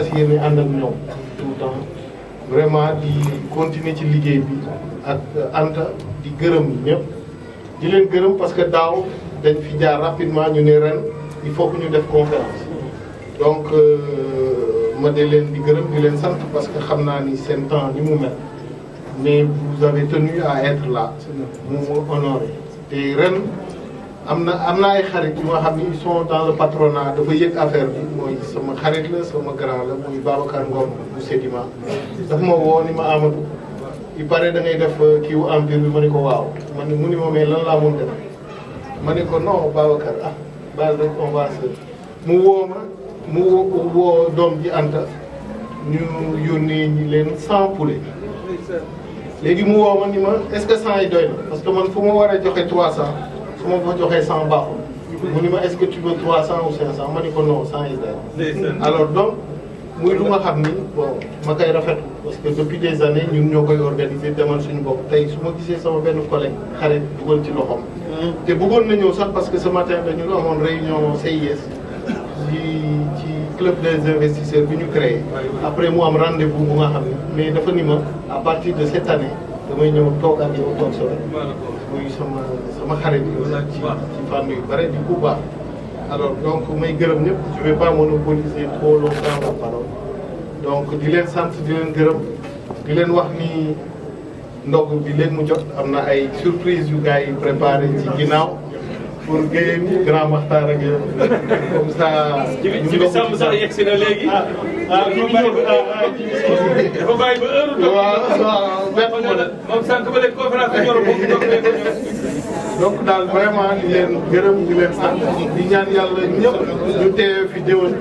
tout le temps vraiment di continuer ci liggéey bi ak Anta di gërëm parce que dañ rapidement ñu il faut que nous def confiance. donc euh, ma une leen di gërëm parce que xam ni seen temps mais vous avez tenu à être là te ren am na am na ay xarit yu nga xam ni ils sont dans le patronat dafa yëg affaire bi mooy sama xarit la sama grand la muy Babacar Ngom bu Sédima daf ma woo ni ma Amadou il paraît da def euh, kiw wu empire bi ma ne ko waaw man mu ni ma mais lan laa mun def ma ne ko non Babacar ah baal rek on mu woo ma mu woo doom ji Anta ñu yónnee ñi leen sans poulet léegi mu wo ma ni ma est-ce que 100 yi doy parce que man fuma ma war joxe 300 fuma ma ko joxee 100 baaxul. mu ni ma est-ce que tu veux 300 ou 500 ma ni ko non 100 yi doy alors donc muy luma ma xam ni bon ma koy rafetlu parce que depuis des années ñun ñoo organiser demal suñu bopp tay suma gisé sama benn collègue xarit dugal ci loxoom. Mm-hmm. te bëggoon na ñëw sax parce que ce matin dañu amoon réunion CIS ci ci club des investisseurs bi ñu créé après moi, am rendez-vous bu mais dafa ni ma à partir de cette année damay ñëw toog ak yow toog solo muy m'a, sama xarit yi ci ci fànn yu bare di ku baax alors donc may gërëm ñëpp je vais pas monopoliser trop longtemps pardon. donc di leen sant di leen gërëm di leen wax ni ndog bi leen mu jot am na ay surprise yu gars yi préparé ci ginnaaw pour daal vraiment di leen gërëm di leen sant di ñaan yàlla ñëpp ñu teewe fi déwén.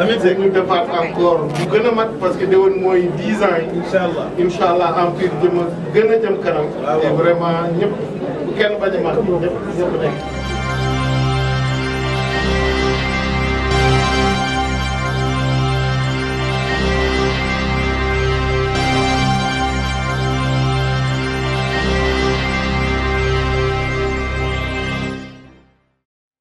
amiin te ñu defaat encore bu gën a mat parce que déwén mooy dix ans yi. incha allah incha allah empire jëm a jëm kanam. waaw te vraiment kenn bañ a mat ñëpp ñëpp nekk.